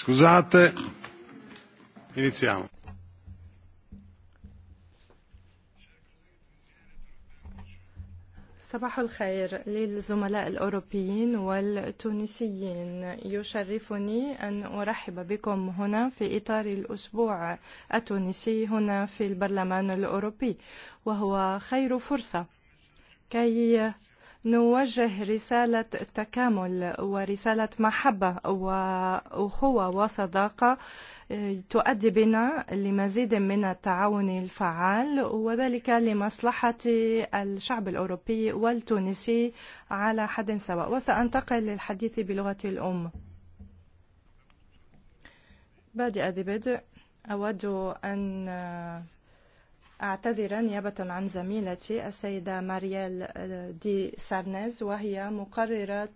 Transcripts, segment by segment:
Scusate, iniziamo. صباح الخير للزملاء الأوروبيين والتونسيين يشرفني أن أرحب بكم هنا في إطار الأسبوع التونسي هنا في البرلمان الأوروبي وهو خير فرصة كي نوجه رسالة تكامل ورسالة محبة وأخوة وصداقة تؤدي بنا لمزيد من التعاون الفعال وذلك لمصلحة الشعب الأوروبي والتونسي على حد سواء وسأنتقل للحديث بلغة الأم بادئ ذي بدء أود أن أعتذر نيابة عن زميلتي السيدة ماريال دي سارنيز وهي مقررة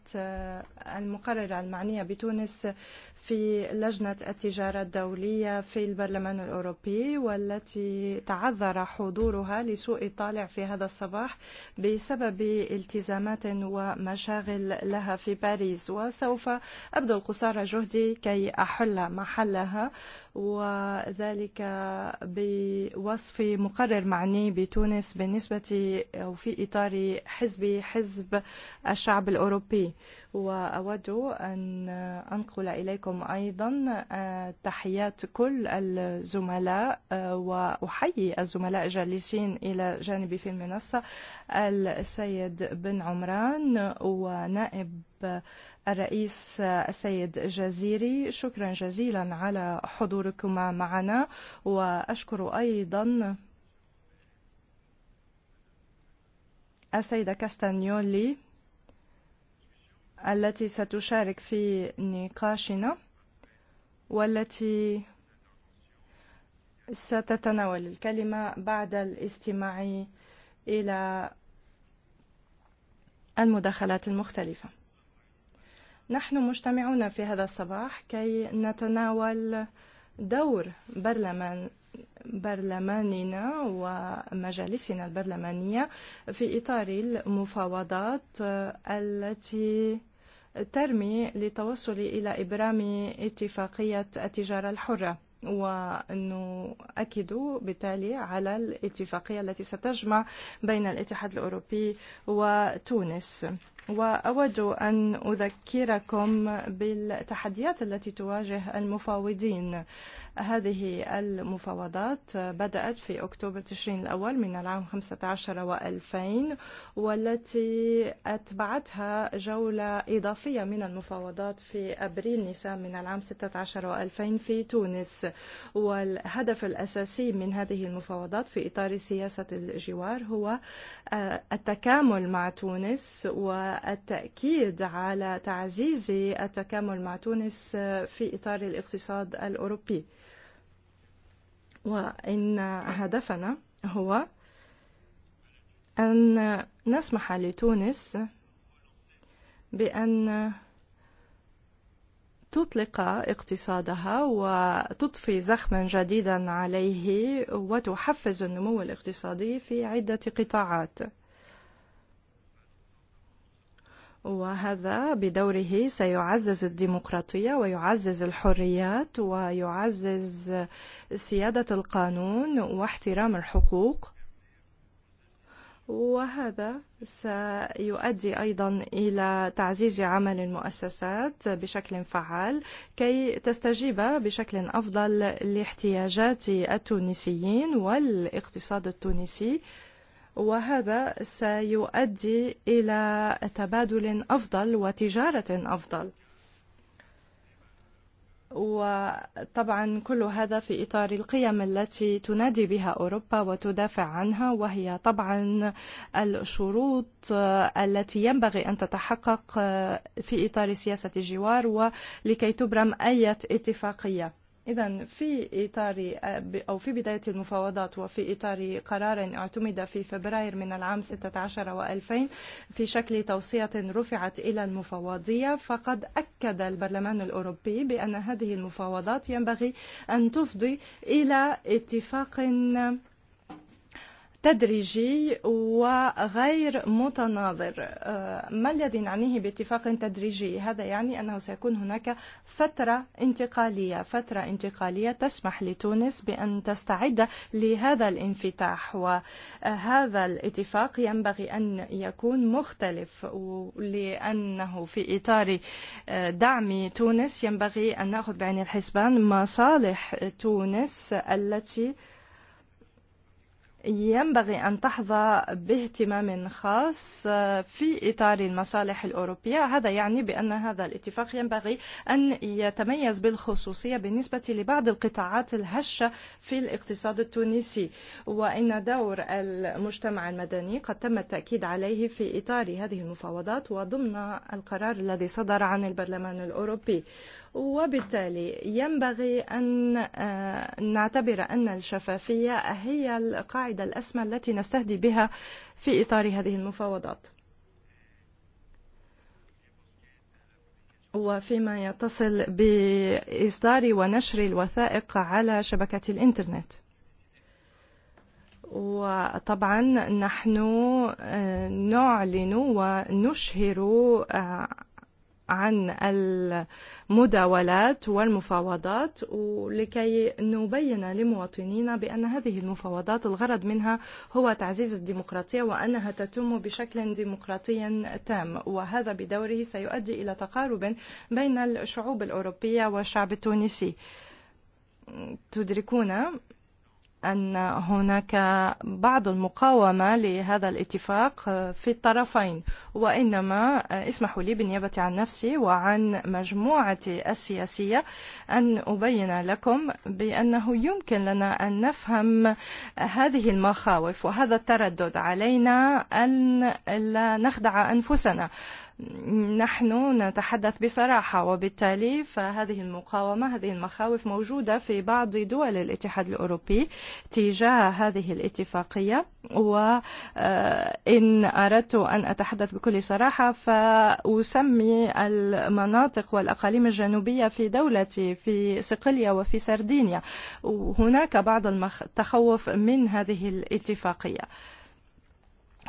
المقررة المعنية بتونس في لجنة التجارة الدولية في البرلمان الأوروبي والتي تعذر حضورها لسوء طالع في هذا الصباح بسبب التزامات ومشاغل لها في باريس وسوف أبذل قصارى جهدي كي أحل محلها وذلك بوصف مقرر معني بتونس بالنسبة أو في إطار حزب حزب الشعب الأوروبي. وأود أن أنقل إليكم أيضا تحيات كل الزملاء وأحيي الزملاء الجالسين إلى جانبي في المنصة السيد بن عمران ونائب الرئيس السيد جزيري شكرا جزيلا على حضوركما معنا وأشكر أيضا السيدة كاستانيولي التي ستشارك في نقاشنا والتي ستتناول الكلمة بعد الاستماع إلى المداخلات المختلفة نحن مجتمعون في هذا الصباح كي نتناول دور برلمان برلماننا ومجالسنا البرلمانية في إطار المفاوضات التي ترمي للتوصل إلى إبرام اتفاقية التجارة الحرة ونؤكد بالتالي على الاتفاقية التي ستجمع بين الاتحاد الأوروبي وتونس. وأود أن أذكركم بالتحديات التي تواجه المفاوضين هذه المفاوضات بدأت في أكتوبر تشرين الأول من العام 15 و2000 والتي أتبعتها جولة إضافية من المفاوضات في أبريل نيسان من العام 16 و2000 في تونس والهدف الأساسي من هذه المفاوضات في إطار سياسة الجوار هو التكامل مع تونس و التأكيد على تعزيز التكامل مع تونس في إطار الاقتصاد الأوروبي وإن هدفنا هو أن نسمح لتونس بأن تطلق اقتصادها وتضفي زخما جديدا عليه وتحفز النمو الاقتصادي في عدة قطاعات وهذا بدوره سيعزز الديمقراطية ويعزز الحريات ويعزز سيادة القانون واحترام الحقوق وهذا سيؤدي أيضا إلى تعزيز عمل المؤسسات بشكل فعال كي تستجيب بشكل أفضل لاحتياجات التونسيين والاقتصاد التونسي وهذا سيؤدي إلى تبادل أفضل وتجارة أفضل وطبعا كل هذا في إطار القيم التي تنادي بها أوروبا وتدافع عنها وهي طبعا الشروط التي ينبغي أن تتحقق في إطار سياسة الجوار ولكي تبرم أي اتفاقية Idan, fi itari, u eh, fi bidajt il-mufawadat, wa fi itari qararen i'tumida fi febrair minn l-am 16 wa 2000, fi xakli tawsijatin rufiħat ila l-mufawadija, faqad akkada l-Parlament l-Europi bi anna hadhi l-mufawadat jambaghi an tufdi ila ittifaqin تدريجي وغير متناظر ما الذي نعنيه باتفاق تدريجي هذا يعني أنه سيكون هناك فترة انتقالية فترة انتقالية تسمح لتونس بأن تستعد لهذا الانفتاح وهذا الاتفاق ينبغي أن يكون مختلف لأنه في إطار دعم تونس ينبغي أن نأخذ بعين الحسبان مصالح تونس التي ينبغي أن تحظى باهتمام خاص في إطار المصالح الأوروبية هذا يعني بأن هذا الاتفاق ينبغي أن يتميز بالخصوصية بالنسبة لبعض القطاعات الهشة في الاقتصاد التونسي وإن دور المجتمع المدني قد تم التأكيد عليه في إطار هذه المفاوضات وضمن القرار الذي صدر عن البرلمان الأوروبي وبالتالي ينبغي أن نعتبر أن الشفافية هي القاعدة الأسمى التي نستهدي بها في إطار هذه المفاوضات وفيما يتصل بإصدار ونشر الوثائق على شبكة الإنترنت وطبعا نحن نعلن ونشهر عن المداولات والمفاوضات ولكي نبين لمواطنينا بأن هذه المفاوضات الغرض منها هو تعزيز الديمقراطية وأنها تتم بشكل ديمقراطي تام وهذا بدوره سيؤدي إلى تقارب بين الشعوب الأوروبية والشعب التونسي تدركون أن هناك بعض المقاومة لهذا الاتفاق في الطرفين وإنما اسمحوا لي بالنيابة عن نفسي وعن مجموعة السياسية أن أبين لكم بأنه يمكن لنا أن نفهم هذه المخاوف وهذا التردد علينا أن لا نخدع أنفسنا نحن نتحدث بصراحة وبالتالي فهذه المقاومة هذه المخاوف موجودة في بعض دول الاتحاد الأوروبي تجاه هذه الاتفاقية وإن أردت أن أتحدث بكل صراحة فأسمي المناطق والأقاليم الجنوبية في دولتي في صقلية وفي سردينيا هناك بعض التخوف من هذه الاتفاقية.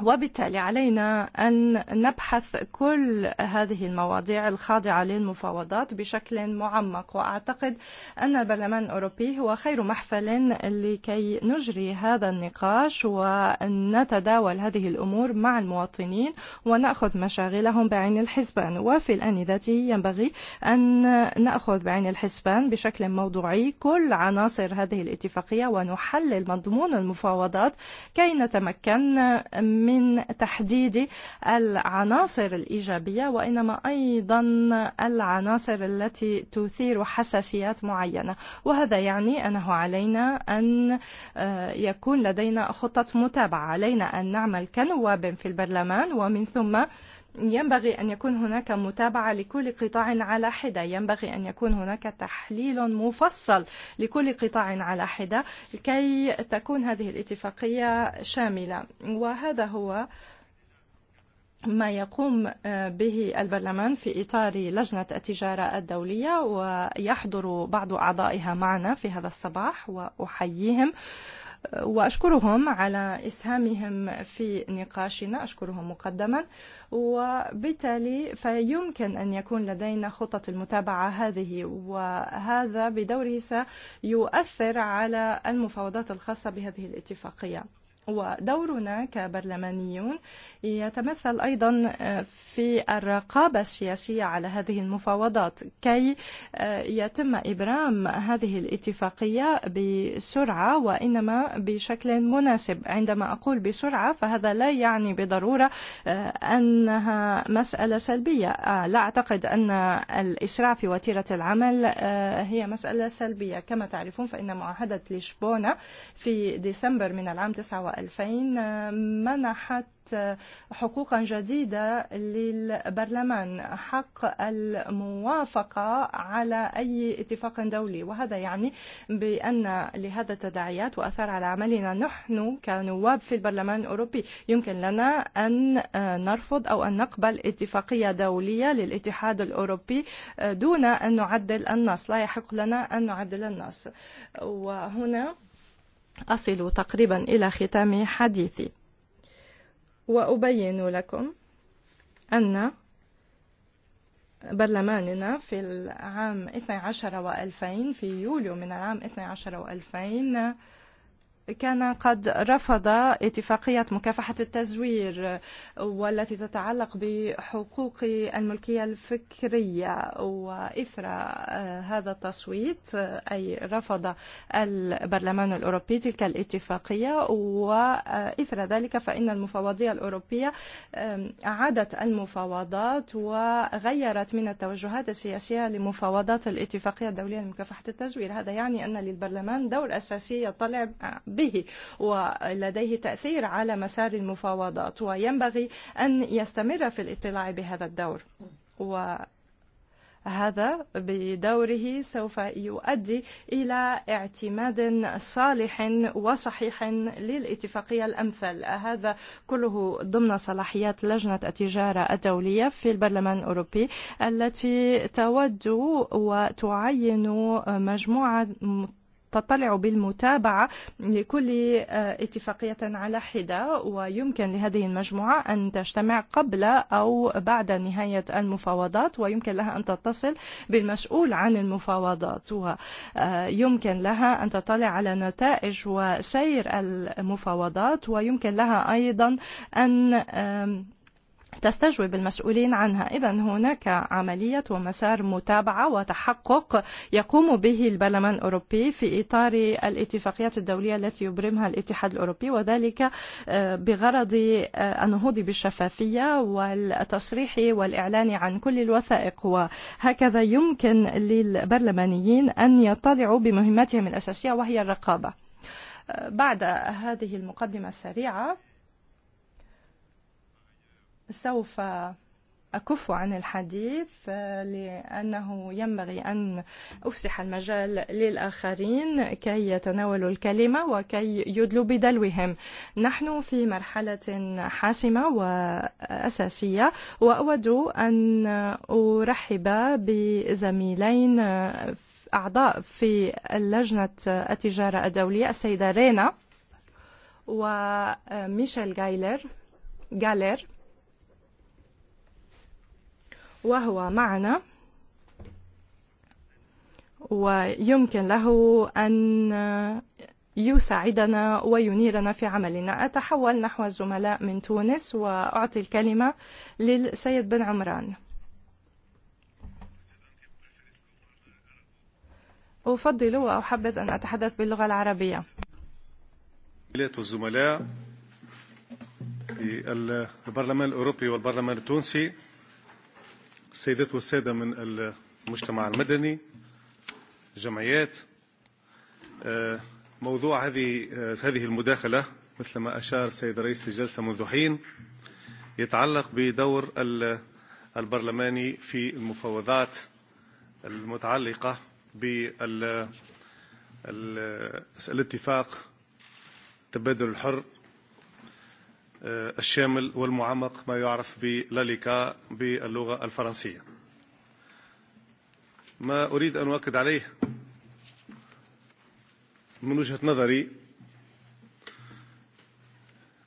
وبالتالي علينا أن نبحث كل هذه المواضيع الخاضعة للمفاوضات بشكل معمق وأعتقد أن البرلمان الأوروبي هو خير محفل لكي نجري هذا النقاش ونتداول هذه الأمور مع المواطنين ونأخذ مشاغلهم بعين الحسبان وفي الآن ذاته ينبغي أن نأخذ بعين الحسبان بشكل موضوعي كل عناصر هذه الاتفاقية ونحلل مضمون المفاوضات كي نتمكن من تحديد العناصر الإيجابية وإنما أيضا العناصر التي تثير حساسيات معينة وهذا يعني أنه علينا أن يكون لدينا خطة متابعة علينا أن نعمل كنواب في البرلمان ومن ثم ينبغي أن يكون هناك متابعة لكل قطاع على حدة ينبغي أن يكون هناك تحليل مفصل لكل قطاع على حدة لكي تكون هذه الاتفاقية شاملة وهذا هو ما يقوم به البرلمان في إطار لجنة التجارة الدولية ويحضر بعض أعضائها معنا في هذا الصباح وأحييهم وأشكرهم على إسهامهم في نقاشنا أشكرهم مقدما وبالتالي فيمكن أن يكون لدينا خطة المتابعة هذه وهذا بدوره سيؤثر على المفاوضات الخاصة بهذه الاتفاقية ودورنا كبرلمانيون يتمثل أيضا في الرقابة السياسية على هذه المفاوضات كي يتم إبرام هذه الاتفاقية بسرعة وإنما بشكل مناسب عندما أقول بسرعة فهذا لا يعني بضرورة أنها مسألة سلبية لا أعتقد أن الإسراع في وتيرة العمل هي مسألة سلبية كما تعرفون فإن معاهدة لشبونة في ديسمبر من العام 99 2000 منحت حقوقا جديدة للبرلمان حق الموافقة على أي اتفاق دولي وهذا يعني بأن لهذا التداعيات وأثار على عملنا نحن كنواب في البرلمان الأوروبي يمكن لنا أن نرفض أو أن نقبل اتفاقية دولية للاتحاد الأوروبي دون أن نعدل النص لا يحق لنا أن نعدل النص وهنا أصل تقريبا إلى ختام حديثي وأبين لكم أن برلماننا في العام 12 و2000 في يوليو من العام 12 و2000 كان قد رفض اتفاقية مكافحة التزوير والتي تتعلق بحقوق الملكية الفكرية وإثر هذا التصويت أي رفض البرلمان الأوروبي تلك الاتفاقية وإثر ذلك فإن المفوضية الأوروبية عادت المفاوضات وغيرت من التوجهات السياسية لمفاوضات الاتفاقية الدولية لمكافحة التزوير هذا يعني أن للبرلمان دور أساسي يطلع به ولديه تأثير على مسار المفاوضات وينبغي أن يستمر في الاطلاع بهذا الدور و هذا بدوره سوف يؤدي إلى اعتماد صالح وصحيح للاتفاقية الأمثل هذا كله ضمن صلاحيات لجنة التجارة الدولية في البرلمان الأوروبي التي تود وتعين مجموعة تطلع بالمتابعة لكل اتفاقية على حدة ويمكن لهذه المجموعة أن تجتمع قبل أو بعد نهاية المفاوضات ويمكن لها أن تتصل بالمسؤول عن المفاوضات ويمكن لها أن تطلع على نتائج وسير المفاوضات ويمكن لها أيضا أن تستجوب المسؤولين عنها إذا هناك عملية ومسار متابعة وتحقق يقوم به البرلمان الأوروبي في إطار الاتفاقيات الدولية التي يبرمها الاتحاد الأوروبي وذلك بغرض النهوض بالشفافية والتصريح والإعلان عن كل الوثائق وهكذا يمكن للبرلمانيين أن يطلعوا بمهمتهم الأساسية وهي الرقابة بعد هذه المقدمة السريعة سوف أكف عن الحديث لأنه ينبغي أن أفسح المجال للآخرين كي يتناولوا الكلمة وكي يدلوا بدلوهم نحن في مرحلة حاسمة وأساسية وأود أن أرحب بزميلين أعضاء في لجنة التجارة الدولية السيدة رينا وميشيل غايلر غالير وهو معنا ويمكن له أن يساعدنا وينيرنا في عملنا أتحول نحو الزملاء من تونس وأعطي الكلمة للسيد بن عمران أفضل وأحبذ أن أتحدث باللغة العربية والزملاء في البرلمان الأوروبي والبرلمان التونسي السيدات والسادة من المجتمع المدني جمعيات موضوع هذه هذه المداخلة مثل ما أشار سيد رئيس الجلسة منذ حين يتعلق بدور البرلماني في المفاوضات المتعلقة بالاتفاق تبادل الحر الشامل والمعمق ما يعرف بلاليكا باللغة الفرنسية ما أريد أن أؤكد عليه من وجهة نظري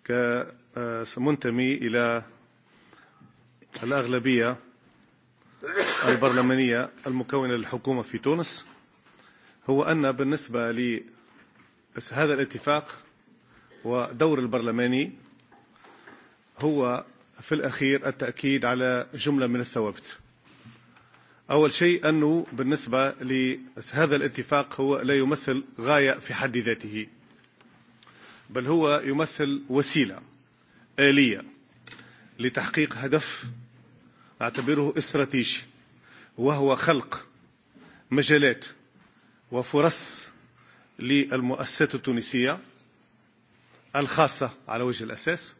كمنتمي إلى الأغلبية البرلمانية المكونة للحكومة في تونس هو أن بالنسبة لهذا الاتفاق ودور البرلماني هو في الأخير التأكيد على جملة من الثوابت أول شيء أنه بالنسبة لهذا الاتفاق هو لا يمثل غاية في حد ذاته بل هو يمثل وسيلة آلية لتحقيق هدف أعتبره استراتيجي وهو خلق مجالات وفرص للمؤسسات التونسية الخاصة على وجه الأساس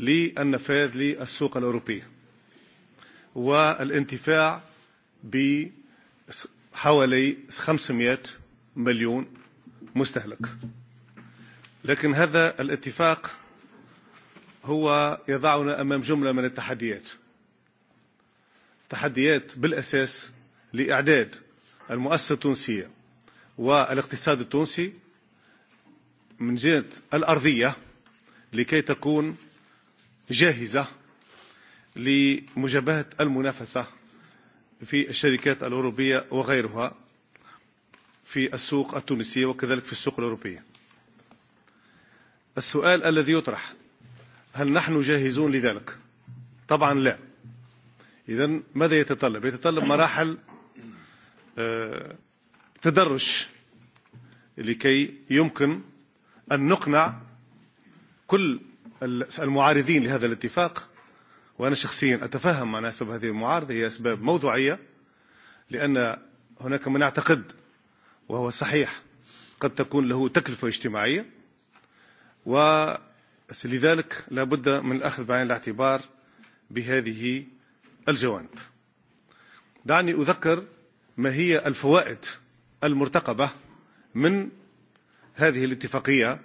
للنفاذ للسوق الأوروبية والانتفاع بحوالي 500 مليون مستهلك لكن هذا الاتفاق هو يضعنا أمام جملة من التحديات تحديات بالأساس لإعداد المؤسسة التونسية والاقتصاد التونسي من جهة الأرضية لكي تكون جاهزة لمجابهة المنافسة في الشركات الأوروبية وغيرها في السوق التونسية وكذلك في السوق الأوروبية السؤال الذي يطرح هل نحن جاهزون لذلك طبعا لا إذا ماذا يتطلب يتطلب مراحل تدرج لكي يمكن أن نقنع كل المعارضين لهذا الاتفاق وأنا شخصيا أتفهم عن أسباب هذه المعارضة هي أسباب موضوعية لأن هناك من يعتقد وهو صحيح قد تكون له تكلفة اجتماعية ولذلك لا بد من الأخذ بعين الاعتبار بهذه الجوانب دعني أذكر ما هي الفوائد المرتقبة من هذه الاتفاقية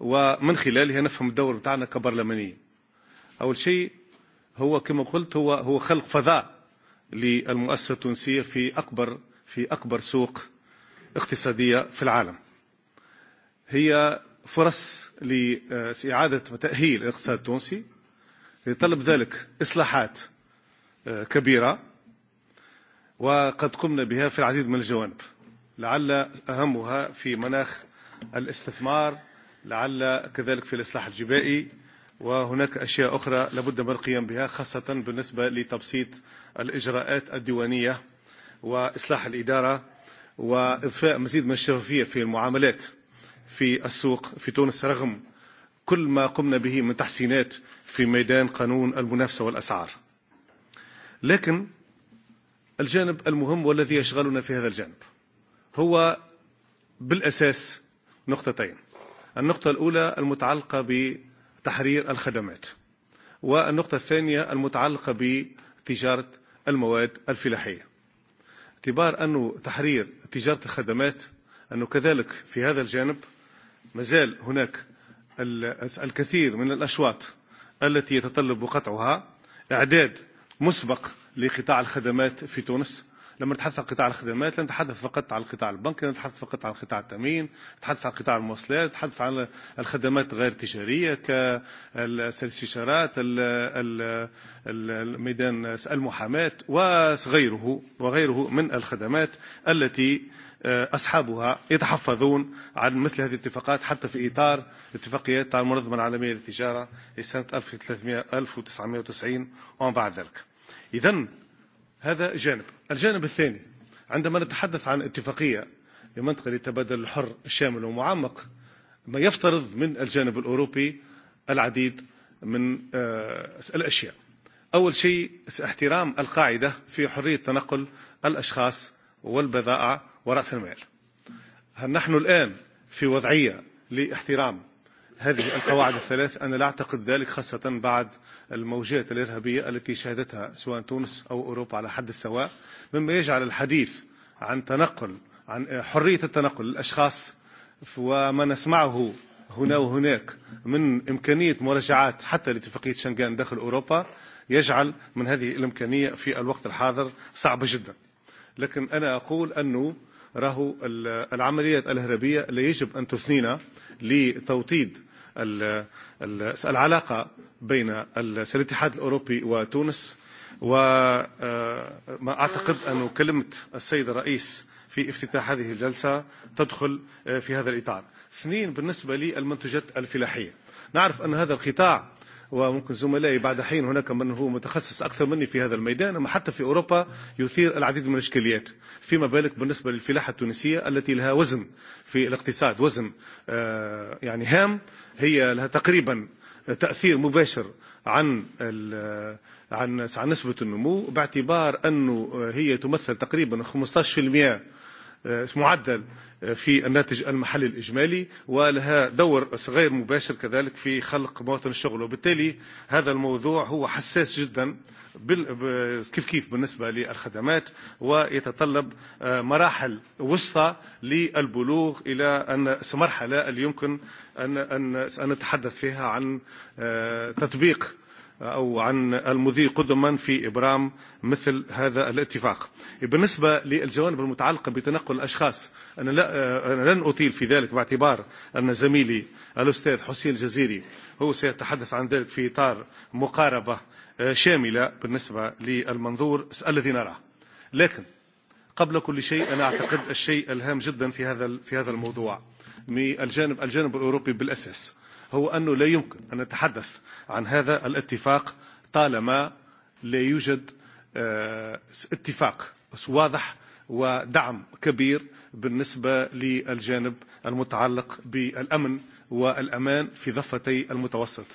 ومن خلالها نفهم الدور بتاعنا كبرلمانيين أول شيء هو كما قلت هو هو خلق فضاء للمؤسسة التونسية في أكبر في أكبر سوق اقتصادية في العالم هي فرص لإعادة تأهيل الاقتصاد التونسي يطلب ذلك إصلاحات كبيرة وقد قمنا بها في العديد من الجوانب لعل أهمها في مناخ الاستثمار لعل كذلك في الإصلاح الجبائي وهناك أشياء أخرى لابد من القيام بها خاصة بالنسبة لتبسيط الإجراءات الديوانية وإصلاح الإدارة وإضفاء مزيد من الشفافية في المعاملات في السوق في تونس رغم كل ما قمنا به من تحسينات في ميدان قانون المنافسة والأسعار لكن الجانب المهم والذي يشغلنا في هذا الجانب هو بالأساس نقطتين النقطة الأولى المتعلقة بتحرير الخدمات والنقطة الثانية المتعلقة بتجارة المواد الفلاحية اعتبار أنه تحرير تجارة الخدمات أنه كذلك في هذا الجانب مازال هناك الكثير من الأشواط التي يتطلب قطعها إعداد مسبق لقطاع الخدمات في تونس لما نتحدث عن قطاع الخدمات لا نتحدث فقط عن القطاع البنكي نتحدث فقط عن قطاع التامين نتحدث عن قطاع المواصلات نتحدث عن الخدمات غير التجاريه كالاستشارات الميدان المحاماه وغيره وغيره من الخدمات التي أصحابها يتحفظون عن مثل هذه الاتفاقات حتى في إطار اتفاقيات المنظمة العالمية للتجارة لسنة 1990 ومن بعد ذلك إذن هذا جانب الجانب الثاني عندما نتحدث عن اتفاقية لمنطقة للتبادل الحر الشامل ومعمق ما يفترض من الجانب الأوروبي العديد من الأشياء أول شيء احترام القاعدة في حرية تنقل الأشخاص والبضائع ورأس المال هل نحن الآن في وضعية لاحترام هذه القواعد الثلاث أنا لا أعتقد ذلك خاصة بعد الموجات الإرهابية التي شهدتها سواء تونس أو أوروبا على حد السواء مما يجعل الحديث عن تنقل عن حرية التنقل للأشخاص وما نسمعه هنا وهناك من إمكانية مراجعات حتى لاتفاقية شنغان داخل أوروبا يجعل من هذه الإمكانية في الوقت الحاضر صعب جدا لكن أنا أقول أنه راهو العمليات الهربية لا يجب أن تثنينا لتوطيد العلاقة بين الاتحاد الأوروبي وتونس وما أعتقد أن كلمة السيد الرئيس في افتتاح هذه الجلسة تدخل في هذا الإطار اثنين بالنسبة للمنتجات الفلاحية نعرف أن هذا القطاع وممكن زملائي بعد حين هناك من هو متخصص أكثر مني في هذا الميدان أما حتى في أوروبا يثير العديد من الإشكاليات فيما بالك بالنسبة للفلاحة التونسية التي لها وزن في الاقتصاد وزن يعني هام هي لها تقريبا تأثير مباشر عن عن عن نسبة النمو باعتبار أنه هي تمثل تقريبا 15% معدل في الناتج المحلي الإجمالي ولها دور غير مباشر كذلك في خلق مواطن الشغل وبالتالي هذا الموضوع هو حساس جدا كيف كيف بالنسبة للخدمات ويتطلب مراحل وسطى للبلوغ إلى أن مرحلة اللي يمكن أن, أن سنتحدث فيها عن تطبيق أو عن المضي قدما في إبرام مثل هذا الاتفاق بالنسبة للجوانب المتعلقة بتنقل الأشخاص أنا, لا أنا لن أطيل في ذلك باعتبار أن زميلي الأستاذ حسين الجزيري هو سيتحدث عن ذلك في إطار مقاربة شاملة بالنسبة للمنظور الذي نراه لكن قبل كل شيء أنا أعتقد الشيء الهام جدا في هذا في هذا الموضوع من الجانب الجانب الأوروبي بالأساس هو أنه لا يمكن أن نتحدث عن هذا الاتفاق طالما لا يوجد اتفاق واضح ودعم كبير بالنسبة للجانب المتعلق بالأمن والأمان في ضفتي المتوسط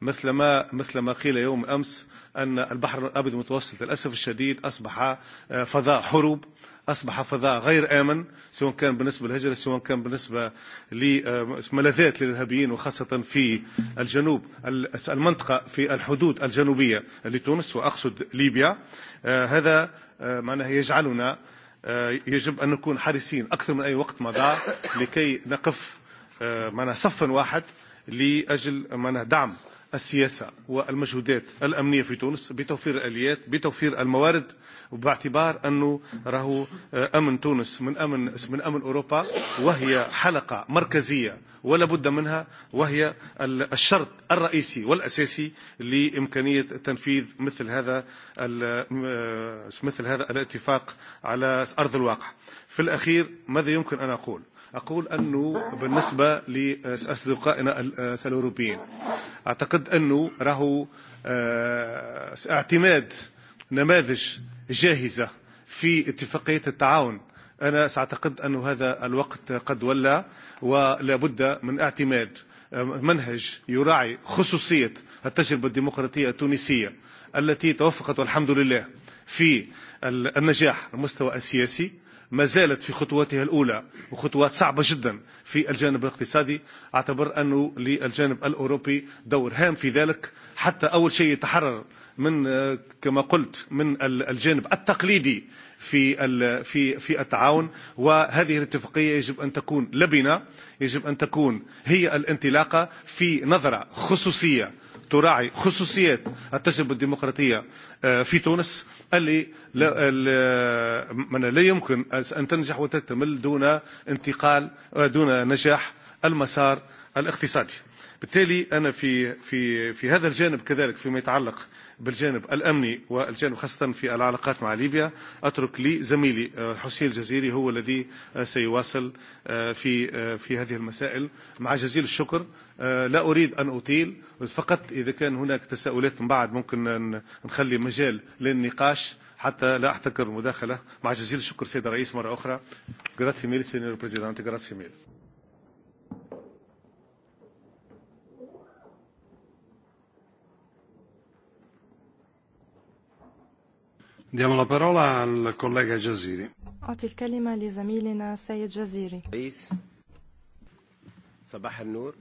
مثل ما مثل ما قيل يوم أمس أن البحر الأبيض المتوسط للأسف الشديد أصبح فضاء حروب أصبح فضاء غير آمن سواء كان بالنسبة للهجرة سواء كان بالنسبة لملاذات للإرهابيين وخاصة في الجنوب المنطقة في الحدود الجنوبية لتونس وأقصد ليبيا هذا معناه يجعلنا يجب أن نكون حريصين أكثر من أي وقت مضى لكي نقف معنا صفا واحد لأجل معنا دعم السياسة والمجهودات الأمنية في تونس بتوفير الآليات بتوفير الموارد باعتبار أنه راهو أمن تونس من أمن من أمن أوروبا وهي حلقة مركزية ولا بد منها وهي الشرط الرئيسي والأساسي لإمكانية تنفيذ مثل هذا مثل هذا الاتفاق على أرض الواقع في الأخير ماذا يمكن أن أقول أقول أنه بالنسبة لأصدقائنا الأوروبيين أعتقد أنه راهو اعتماد نماذج جاهزة في اتفاقية التعاون أنا سأعتقد أن هذا الوقت قد ولى ولا بد من اعتماد منهج يراعي خصوصية التجربة الديمقراطية التونسية التي توفقت والحمد لله في النجاح المستوى السياسي ما زالت في خطواتها الأولى وخطوات صعبة جدا في الجانب الاقتصادي أعتبر أنه للجانب الأوروبي دور هام في ذلك حتى أول شيء يتحرر من كما قلت من الجانب التقليدي في في في التعاون وهذه الاتفاقيه يجب ان تكون لبنه يجب ان تكون هي الانطلاقه في نظره خصوصيه تراعي خصوصيات التجربة الديمقراطية في تونس اللي لا, لا يمكن أن تنجح وتكتمل دون انتقال دون نجاح المسار الاقتصادي بالتالي أنا في, في, في هذا الجانب كذلك فيما يتعلق بالجانب الأمني والجانب خاصة في العلاقات مع ليبيا أترك لي زميلي حسين الجزيري هو الذي سيواصل في في هذه المسائل مع جزيل الشكر لا أريد أن أطيل فقط إذا كان هناك تساؤلات من بعد ممكن نخلي مجال للنقاش حتى لا أحتكر المداخلة مع جزيل الشكر سيد الرئيس مرة أخرى Grazie ميل سينيور بريزيدانتي grazie ميل Diamo la parola al collega Jaziri. أعطي الكلمة لزميلنا سيد جزيري. رئيس صباح النور.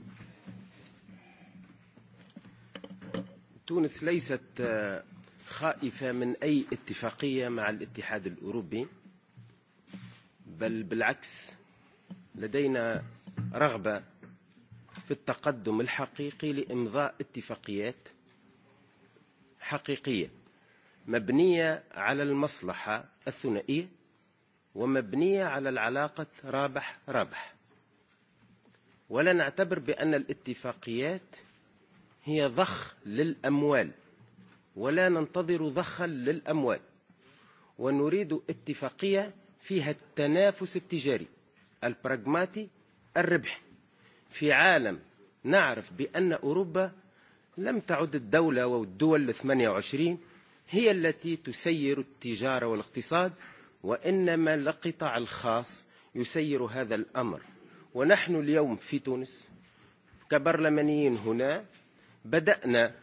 تونس ليست خائفة من أي اتفاقية مع الاتحاد الأوروبي بل بالعكس لدينا رغبة في التقدم الحقيقي لإمضاء اتفاقيات حقيقية مبنية على المصلحة الثنائية ومبنية على العلاقة رابح رابح ولا نعتبر بأن الاتفاقيات هي ضخ للأموال ولا ننتظر ضخا للأموال ونريد اتفاقية فيها التنافس التجاري البراغماتي الربح في عالم نعرف بأن أوروبا لم تعد الدولة والدول الثمانية وعشرين هي التي تسير التجارة والاقتصاد وإنما القطاع الخاص يسير هذا الأمر ونحن اليوم في تونس كبرلمانيين هنا بدأنا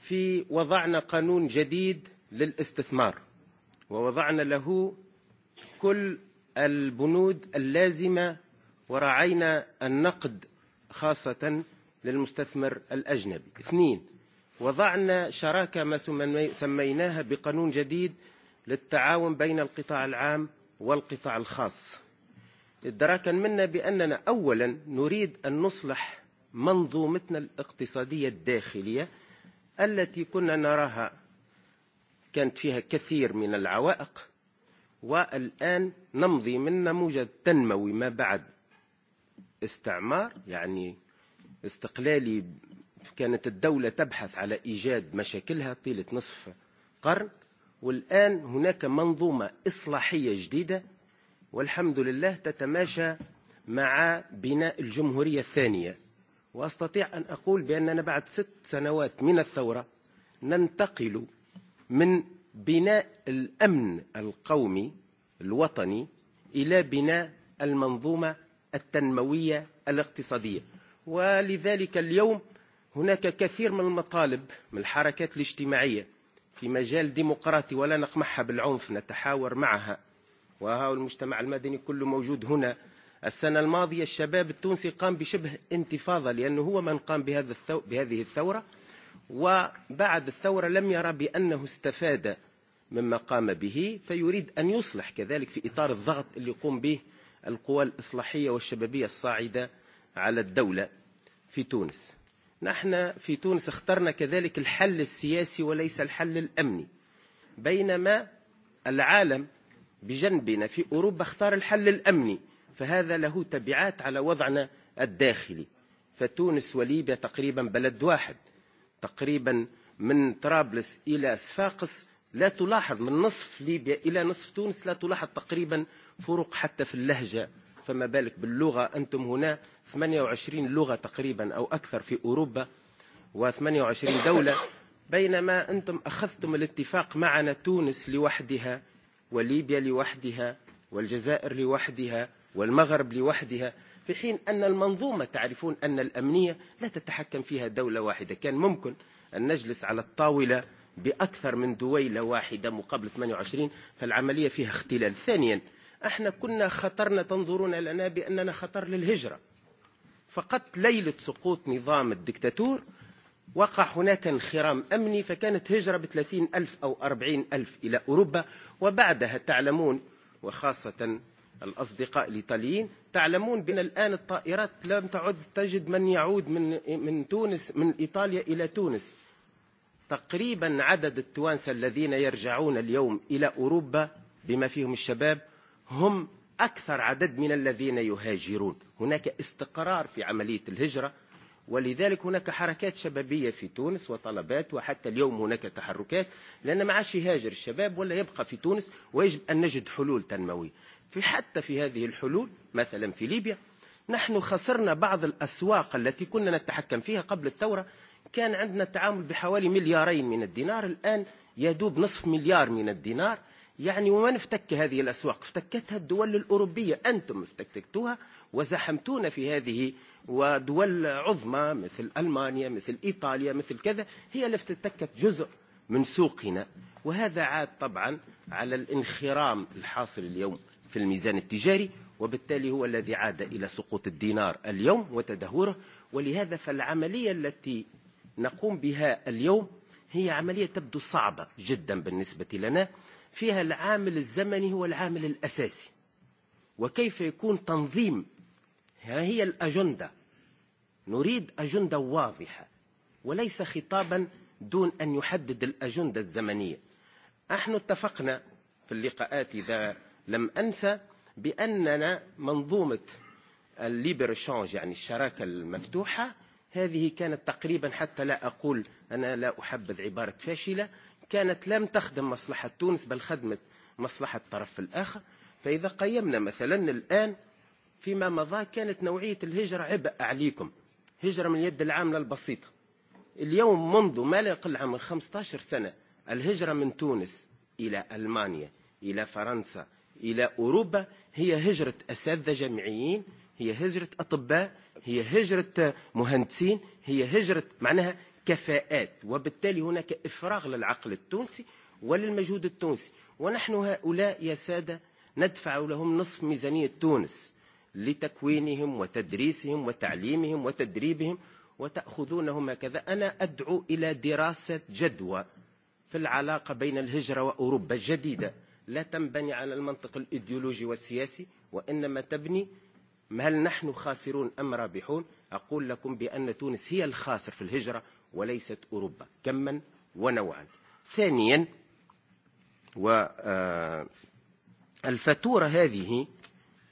في وضعنا قانون جديد للاستثمار ووضعنا له كل البنود اللازمة ورعينا النقد خاصة للمستثمر الأجنبي اثنين وضعنا شراكة ما سميناها بقانون جديد للتعاون بين القطاع العام والقطاع الخاص ادراكا منا بأننا أولا نريد أن نصلح منظومتنا الاقتصادية الداخلية التي كنا نراها كانت فيها كثير من العوائق والآن نمضي من نموذج تنموي ما بعد استعمار يعني استقلالي كانت الدولة تبحث على إيجاد مشاكلها طيلة نصف قرن والآن هناك منظومة إصلاحية جديدة والحمد لله تتماشى مع بناء الجمهورية الثانية وأستطيع أن أقول بأننا بعد ست سنوات من الثورة ننتقل من بناء الأمن القومي الوطني إلى بناء المنظومة التنموية الاقتصادية ولذلك اليوم هناك كثير من المطالب من الحركات الاجتماعية في مجال ديمقراطي ولا نقمعها بالعنف نتحاور معها وها المجتمع المدني كله موجود هنا السنة الماضية الشباب التونسي قام بشبه انتفاضة لأنه هو من قام بهذا الثو... بهذه الثورة وبعد الثورة لم يرى بأنه استفاد مما قام به فيريد أن يصلح كذلك في إطار الضغط اللي يقوم به القوى الإصلاحية والشبابية الصاعدة على الدولة في تونس نحن في تونس اخترنا كذلك الحل السياسي وليس الحل الأمني بينما العالم بجنبنا في أوروبا اختار الحل الأمني فهذا له تبعات على وضعنا الداخلي فتونس وليبيا تقريبا بلد واحد تقريبا من طرابلس إلى صفاقس لا تلاحظ من نصف ليبيا إلى نصف تونس لا تلاحظ تقريبا فروق حتى في اللهجة فما بالك باللغة أنتم هنا 28 لغة تقريبا أو أكثر في أوروبا و28 دولة بينما أنتم أخذتم الاتفاق معنا تونس لوحدها وليبيا لوحدها والجزائر لوحدها والمغرب لوحدها في حين أن المنظومة تعرفون أن الأمنية لا تتحكم فيها دولة واحدة كان ممكن أن نجلس على الطاولة بأكثر من دويلة واحدة مقابل 28 فالعملية فيها اختلال ثانيا احنا كنا خطرنا تنظرون لنا بأننا خطر للهجرة فقط ليلة سقوط نظام الدكتاتور وقع هناك انخرام أمني فكانت هجرة بثلاثين ألف أو أربعين ألف إلى أوروبا وبعدها تعلمون وخاصة الأصدقاء الإيطاليين تعلمون بأن الآن الطائرات لم تعد تجد من يعود من, من تونس من إيطاليا إلى تونس تقريبا عدد التوانسة الذين يرجعون اليوم إلى أوروبا بما فيهم الشباب هم أكثر عدد من الذين يهاجرون هناك استقرار في عملية الهجرة ولذلك هناك حركات شبابية في تونس وطلبات وحتى اليوم هناك تحركات لأن ما عادش يهاجر الشباب ولا يبقى في تونس ويجب أن نجد حلول تنموية في حتى في هذه الحلول مثلا في ليبيا نحن خسرنا بعض الأسواق التي كنا نتحكم فيها قبل الثورة كان عندنا تعامل بحوالي مليارين من الدينار الآن يدوب نصف مليار من الدينار يعني ومن افتك هذه الأسواق افتكتها الدول الأوروبية أنتم افتكتكتوها وزحمتونا في هذه ودول عظمى مثل ألمانيا مثل إيطاليا مثل كذا هي اللي افتكت جزء من سوقنا وهذا عاد طبعا على الانخرام الحاصل اليوم في الميزان التجاري وبالتالي هو الذي عاد إلى سقوط الدينار اليوم وتدهوره ولهذا فالعملية التي نقوم بها اليوم هي عملية تبدو صعبة جدا بالنسبة لنا فيها العامل الزمني هو العامل الأساسي وكيف يكون تنظيم ها هي الأجندة نريد أجندة واضحة وليس خطابا دون أن يحدد الأجندة الزمنية نحن اتفقنا في اللقاءات إذا لم أنسى بأننا منظومة الليبر شانج يعني الشراكة المفتوحة هذه كانت تقريبا حتى لا أقول أنا لا أحبذ عبارة فاشلة كانت لم تخدم مصلحة تونس بل خدمت مصلحة الطرف الآخر فإذا قيمنا مثلا الآن فيما مضى كانت نوعية الهجرة عبء عليكم هجرة من يد العاملة البسيطة اليوم منذ ما لا يقل عام 15 سنة الهجرة من تونس إلى ألمانيا إلى فرنسا إلى أوروبا هي هجرة أساتذة جامعيين هي هجرة أطباء هي هجرة مهندسين هي هجرة معناها كفاءات وبالتالي هناك إفراغ للعقل التونسي وللمجهود التونسي ونحن هؤلاء يا سادة ندفع لهم نصف ميزانية تونس لتكوينهم وتدريسهم وتعليمهم وتدريبهم وتأخذونهم هكذا أنا أدعو إلى دراسة جدوى في العلاقة بين الهجرة وأوروبا الجديدة لا تنبني على المنطق الإيديولوجي والسياسي وإنما تبني هل نحن خاسرون أم رابحون أقول لكم بأن تونس هي الخاسر في الهجرة وليست أوروبا كما ونوعا ثانيا والفاتورة هذه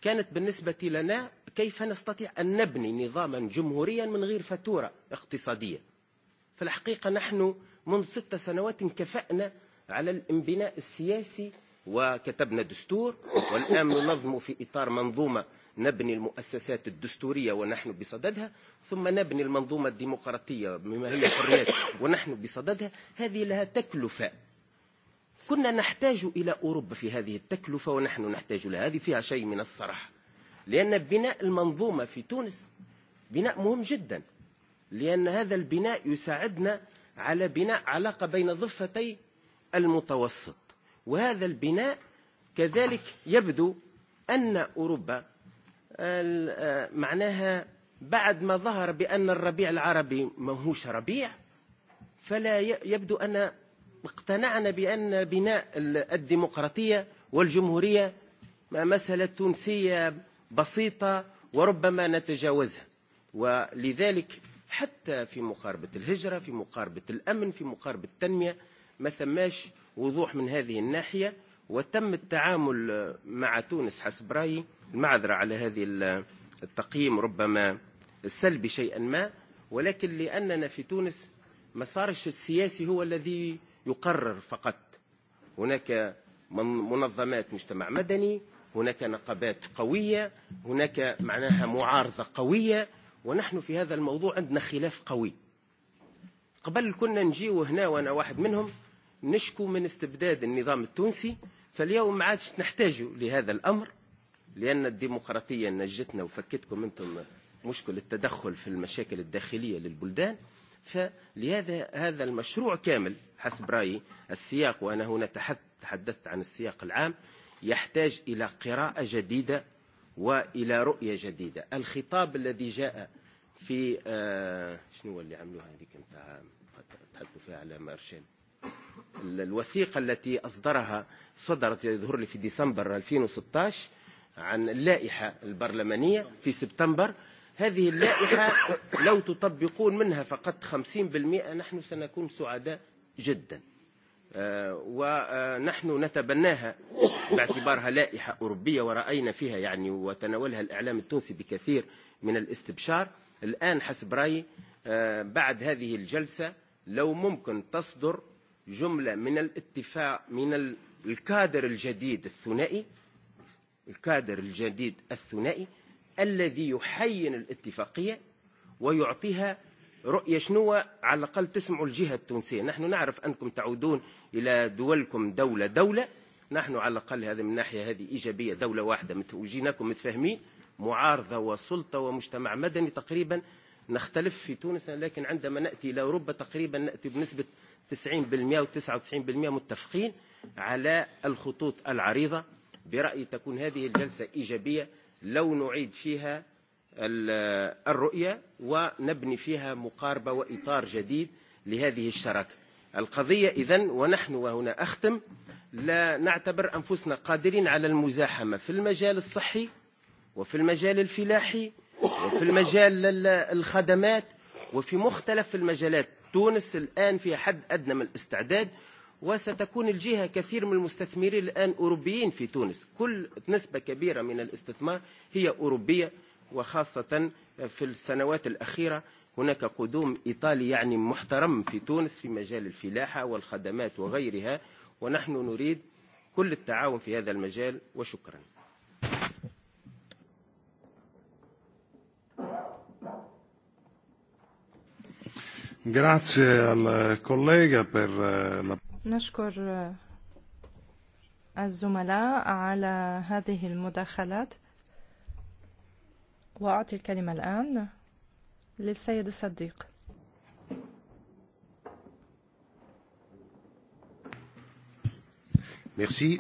كانت بالنسبة لنا كيف نستطيع أن نبني نظاما جمهوريا من غير فاتورة اقتصادية في الحقيقة نحن منذ ست سنوات كفأنا على الانبناء السياسي وكتبنا دستور والآن ننظم في إطار منظومة نبني المؤسسات الدستورية ونحن بصددها ثم نبني المنظومة الديمقراطية بما هي الحريات ونحن بصددها هذه لها تكلفة كنا نحتاج إلى أوروبا في هذه التكلفة ونحن نحتاج لها هذه فيها شيء من الصراحة لأن بناء المنظومة في تونس بناء مهم جدا لأن هذا البناء يساعدنا على بناء علاقة بين ضفتي المتوسط وهذا البناء كذلك يبدو أن أوروبا معناها بعد ما ظهر بأن الربيع العربي ماهوش ربيع فلا يبدو أن اقتنعنا بأن بناء الديمقراطية والجمهورية مسألة تونسية بسيطة وربما نتجاوزها ولذلك حتى في مقاربة الهجرة في مقاربة الأمن في مقاربة التنمية ما ثماش وضوح من هذه الناحية وتم التعامل مع تونس حسب رأيي المعذرة على هذه التقييم ربما السلبي شيئا ما ولكن لأننا في تونس مسارش السياسي هو الذي يقرر فقط هناك منظمات مجتمع مدني هناك نقابات قوية هناك معناها معارضة قوية ونحن في هذا الموضوع عندنا خلاف قوي قبل كنا نجي هنا وأنا واحد منهم نشكو من استبداد النظام التونسي فاليوم ما عادش نحتاج لهذا الأمر لأن الديمقراطية نجتنا وفكتكم أنتم مشكل التدخل في المشاكل الداخلية للبلدان فلهذا هذا المشروع كامل حسب رأيي السياق وأنا هنا تحدثت عن السياق العام يحتاج إلى قراءة جديدة وإلى رؤية جديدة الخطاب الذي جاء في آه شنو اللي عملوها هذيك نتاع تحدثوا فيها على مارشين الوثيقة التي أصدرها صدرت يظهر لي في ديسمبر 2016 عن اللائحة البرلمانية في سبتمبر هذه اللائحة لو تطبقون منها فقط 50% نحن سنكون سعداء جدا ونحن نتبناها باعتبارها لائحة أوروبية ورأينا فيها يعني وتناولها الإعلام التونسي بكثير من الاستبشار الآن حسب رأيي بعد هذه الجلسة لو ممكن تصدر جملة من الاتفاق من الكادر الجديد الثنائي الكادر الجديد الثنائي الذي يحين الاتفاقية ويعطيها رؤية شنوة على الأقل تسمعوا الجهة التونسية نحن نعرف أنكم تعودون إلى دولكم دولة دولة نحن على الأقل هذا من ناحية هذه إيجابية دولة واحدة وجيناكم متفاهمين معارضة وسلطة ومجتمع مدني تقريبا نختلف في تونس لكن عندما نأتي إلى أوروبا تقريبا نأتي بنسبة 90% و 99% متفقين على الخطوط العريضة برأيي تكون هذه الجلسة إيجابية لو نعيد فيها الرؤية ونبني فيها مقاربة وإطار جديد لهذه الشراكة القضية إذن ونحن وهنا أختم لا نعتبر أنفسنا قادرين على المزاحمة في المجال الصحي وفي المجال الفلاحي وفي المجال الخدمات وفي مختلف المجالات تونس الآن في حد أدنى من الاستعداد وستكون الجهة كثير من المستثمرين الآن أوروبيين في تونس كل نسبة كبيرة من الاستثمار هي أوروبية وخاصة في السنوات الأخيرة هناك قدوم إيطالي يعني محترم في تونس في مجال الفلاحة والخدمات وغيرها ونحن نريد كل التعاون في هذا المجال وشكرا Grazie al collega per eh, la نشكر الزملاء على هذه المداخلات وأعطي الكلمة الآن للسيد الصديق Merci.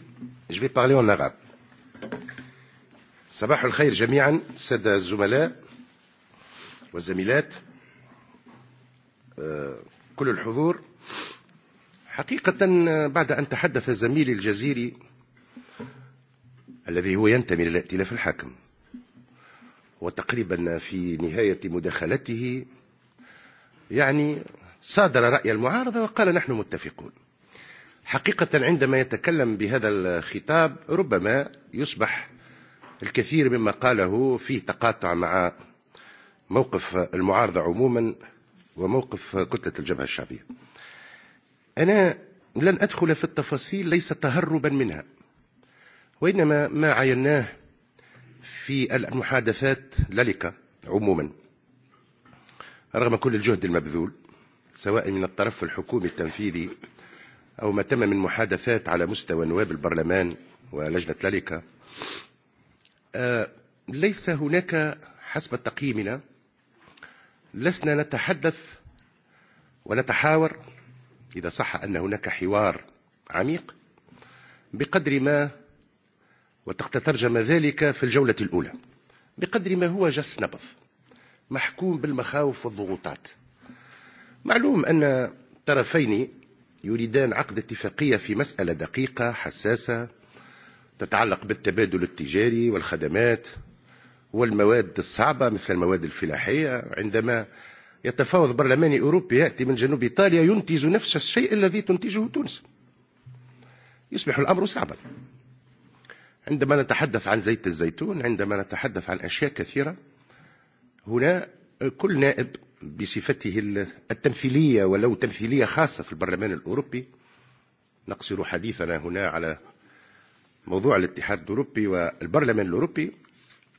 Je vais parler en arabe. Sabah al صباح الخير جميعا سادة الزملاء والزميلات كل الحضور حقيقة بعد أن تحدث زميلي الجزيري الذي هو ينتمي للائتلاف الحاكم وتقريبا في نهاية مدخلته يعني صادر رأي المعارضة وقال نحن متفقون حقيقة عندما يتكلم بهذا الخطاب ربما يصبح الكثير مما قاله فيه تقاطع مع موقف المعارضة عموما وموقف كتلة الجبهة الشعبية أنا لن أدخل في التفاصيل ليس تهربا منها وإنما ما عيناه في المحادثات للك عموما رغم كل الجهد المبذول سواء من الطرف الحكومي التنفيذي أو ما تم من محادثات على مستوى نواب البرلمان ولجنة لاليكا ليس هناك حسب تقييمنا لسنا نتحدث ونتحاور إذا صح أن هناك حوار عميق بقدر ما وتترجم ذلك في الجولة الأولى بقدر ما هو جس نبض محكوم بالمخاوف والضغوطات معلوم أن طرفين يريدان عقد اتفاقية في مسألة دقيقة حساسة تتعلق بالتبادل التجاري والخدمات والمواد الصعبة مثل المواد الفلاحية عندما يتفاوض برلمان أوروبي يأتي من جنوب إيطاليا ينتج نفس الشيء الذي تنتجه تونس يصبح الأمر صعبا عندما نتحدث عن زيت الزيتون عندما نتحدث عن أشياء كثيرة هنا كل نائب بصفته التمثيلية ولو تمثيلية خاصة في البرلمان الأوروبي نقصر حديثنا هنا على موضوع الاتحاد الأوروبي والبرلمان الأوروبي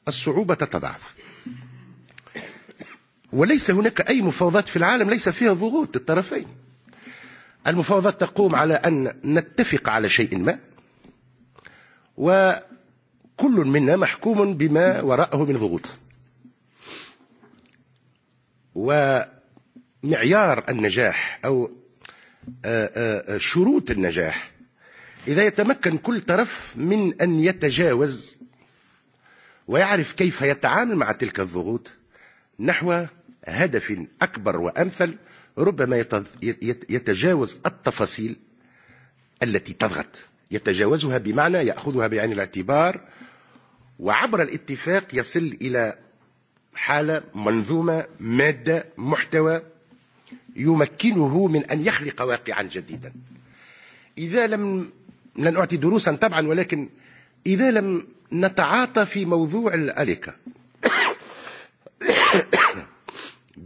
الصعوبة تتضعف وليس هناك أي مفاوضات في العالم ليس فيها ضغوط الطرفين المفاوضات تقوم على أن نتفق على شيء ما وكل منا محكوم بما وراءه من ضغوط ومعيار النجاح أو شروط النجاح إذا يتمكن كل طرف من أن يتجاوز ويعرف كيف يتعامل مع تلك الضغوط نحو هدف أكبر وأمثل ربما يتجاوز التفاصيل التي تضغط يتجاوزها بمعنى يأخذها بعين الاعتبار وعبر الاتفاق يصل إلى حالة منظومة مادة محتوى يمكنه من أن يخلق واقعا جديدا إذا لم لن أعطي دروسا طبعا ولكن إذا لم نتعاطى في موضوع الأليكة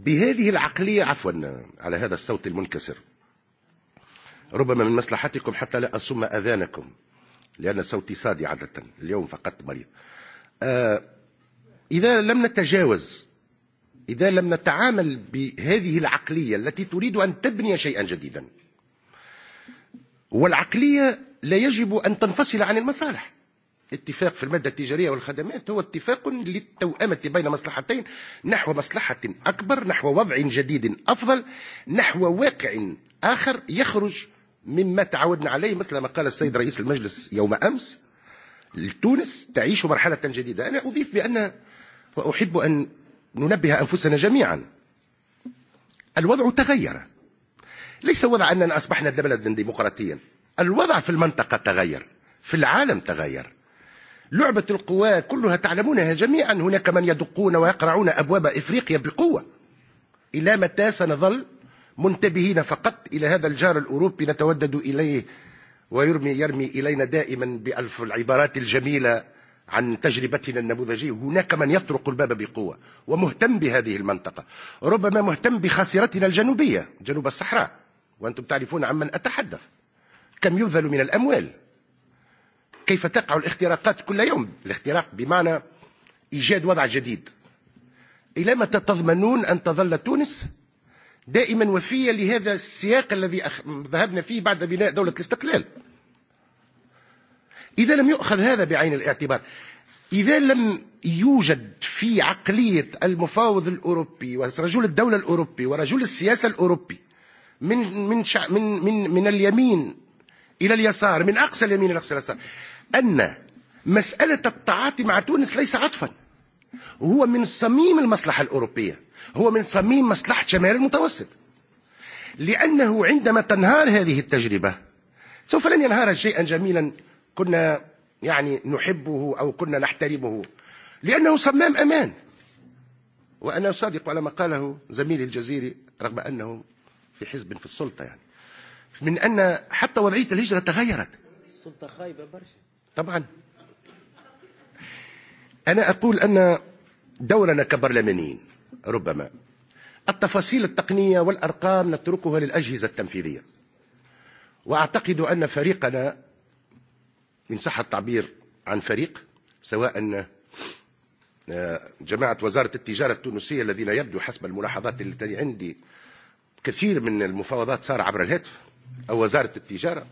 بهذه العقلية عفوا على هذا الصوت المنكسر ربما من مصلحتكم حتى لا أصم أذانكم لأن صوتي صادي عادة اليوم فقط مريض إذا لم نتجاوز إذا لم نتعامل بهذه العقلية التي تريد أن تبني شيئا جديدا والعقلية لا يجب أن تنفصل عن المصالح اتفاق في المادة التجارية والخدمات هو اتفاق للتوأمة بين مصلحتين نحو مصلحة أكبر نحو وضع جديد أفضل نحو واقع آخر يخرج مما تعودنا عليه مثل ما قال السيد رئيس المجلس يوم أمس لتونس تعيش مرحلة جديدة أنا أضيف بأن وأحب أن ننبه أنفسنا جميعا الوضع تغير ليس وضع أننا أصبحنا بلدا ديمقراطيا الوضع في المنطقة تغير في العالم تغير لعبة القوى كلها تعلمونها جميعا هناك من يدقون ويقرعون أبواب إفريقيا بقوة إلى متى سنظل منتبهين فقط إلى هذا الجار الأوروبي نتودد إليه ويرمي يرمي إلينا دائما بألف العبارات الجميلة عن تجربتنا النموذجية هناك من يطرق الباب بقوة ومهتم بهذه المنطقة ربما مهتم بخاسرتنا الجنوبية جنوب الصحراء وأنتم تعرفون عمن أتحدث كم يبذل من الأموال كيف تقع الاختراقات كل يوم الاختراق بمعنى إيجاد وضع جديد إلى متى تضمنون أن تظل تونس دائما وفية لهذا السياق الذي ذهبنا فيه بعد بناء دولة الاستقلال إذا لم يؤخذ هذا بعين الاعتبار إذا لم يوجد في عقلية المفاوض الأوروبي ورجل الدولة الأوروبي ورجل السياسة الأوروبي من من من من, من اليمين إلى اليسار من أقصى اليمين إلى أقصى اليسار أن مسألة التعاطي مع تونس ليس عطفا هو من صميم المصلحة الأوروبية هو من صميم مصلحة شمال المتوسط لأنه عندما تنهار هذه التجربة سوف لن ينهار شيئا جميلا كنا يعني نحبه أو كنا نحترمه لأنه صمام أمان وأنا صادق على ما قاله زميلي الجزيري رغم أنه في حزب في السلطة يعني من أن حتى وضعية الهجرة تغيرت السلطة خايبة برشا طبعا أنا أقول أن دورنا كبرلمانيين ربما التفاصيل التقنية والأرقام نتركها للأجهزة التنفيذية وأعتقد أن فريقنا من صحة التعبير عن فريق سواء جماعة وزارة التجارة التونسية الذين يبدو حسب الملاحظات التي عندي كثير من المفاوضات صار عبر الهاتف أو وزارة التجارة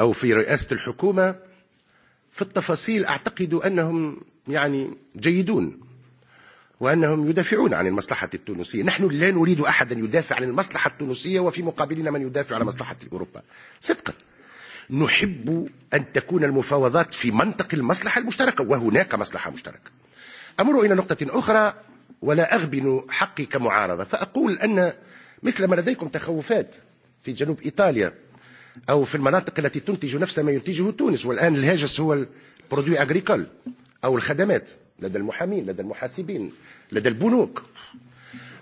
أو في رئاسة الحكومة في التفاصيل أعتقد أنهم يعني جيدون وأنهم يدافعون عن المصلحة التونسية نحن لا نريد أحدا يدافع عن المصلحة التونسية وفي مقابلنا من يدافع عن مصلحة أوروبا صدقا نحب أن تكون المفاوضات في منطق المصلحة المشتركة وهناك مصلحة مشتركة أمر إلى نقطة أخرى ولا أغبن حقي كمعارضة فأقول أن مثل ما لديكم تخوفات في جنوب إيطاليا أو في المناطق التي تنتج نفس ما ينتجه تونس والآن الهاجس هو البرودوي أغريكول أو الخدمات لدى المحامين لدى المحاسبين لدى البنوك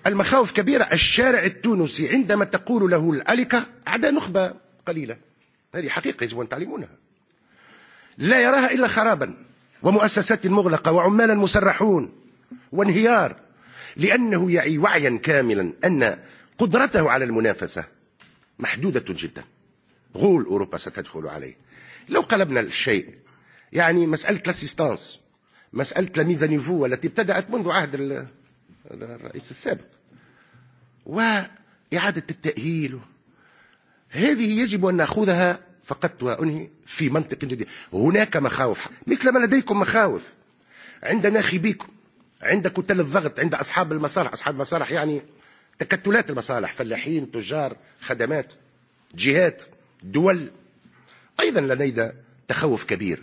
المخاوف كبيرة الشارع التونسي عندما تقول له الألكة عدا نخبة قليلة هذه حقيقة يجب أن تعلمونها لا يراها إلا خرابا ومؤسسات مغلقة وعمالا مسرحون وانهيار لأنه يعي وعيا كاملا أن قدرته على المنافسة محدودة جداً غول أوروبا ستدخل عليه لو قلبنا الشيء يعني مسألة الاسيستانس مسألة نيفو التي ابتدأت منذ عهد الرئيس السابق وإعادة التأهيل هذه يجب أن نأخذها فقط وأنهي في منطق جديد هناك مخاوف مثل ما لديكم مخاوف عند ناخبيكم عند كتل الضغط عند أصحاب المصالح أصحاب المصالح يعني تكتلات المصالح فلاحين تجار خدمات جهات دول أيضا لدينا تخوف كبير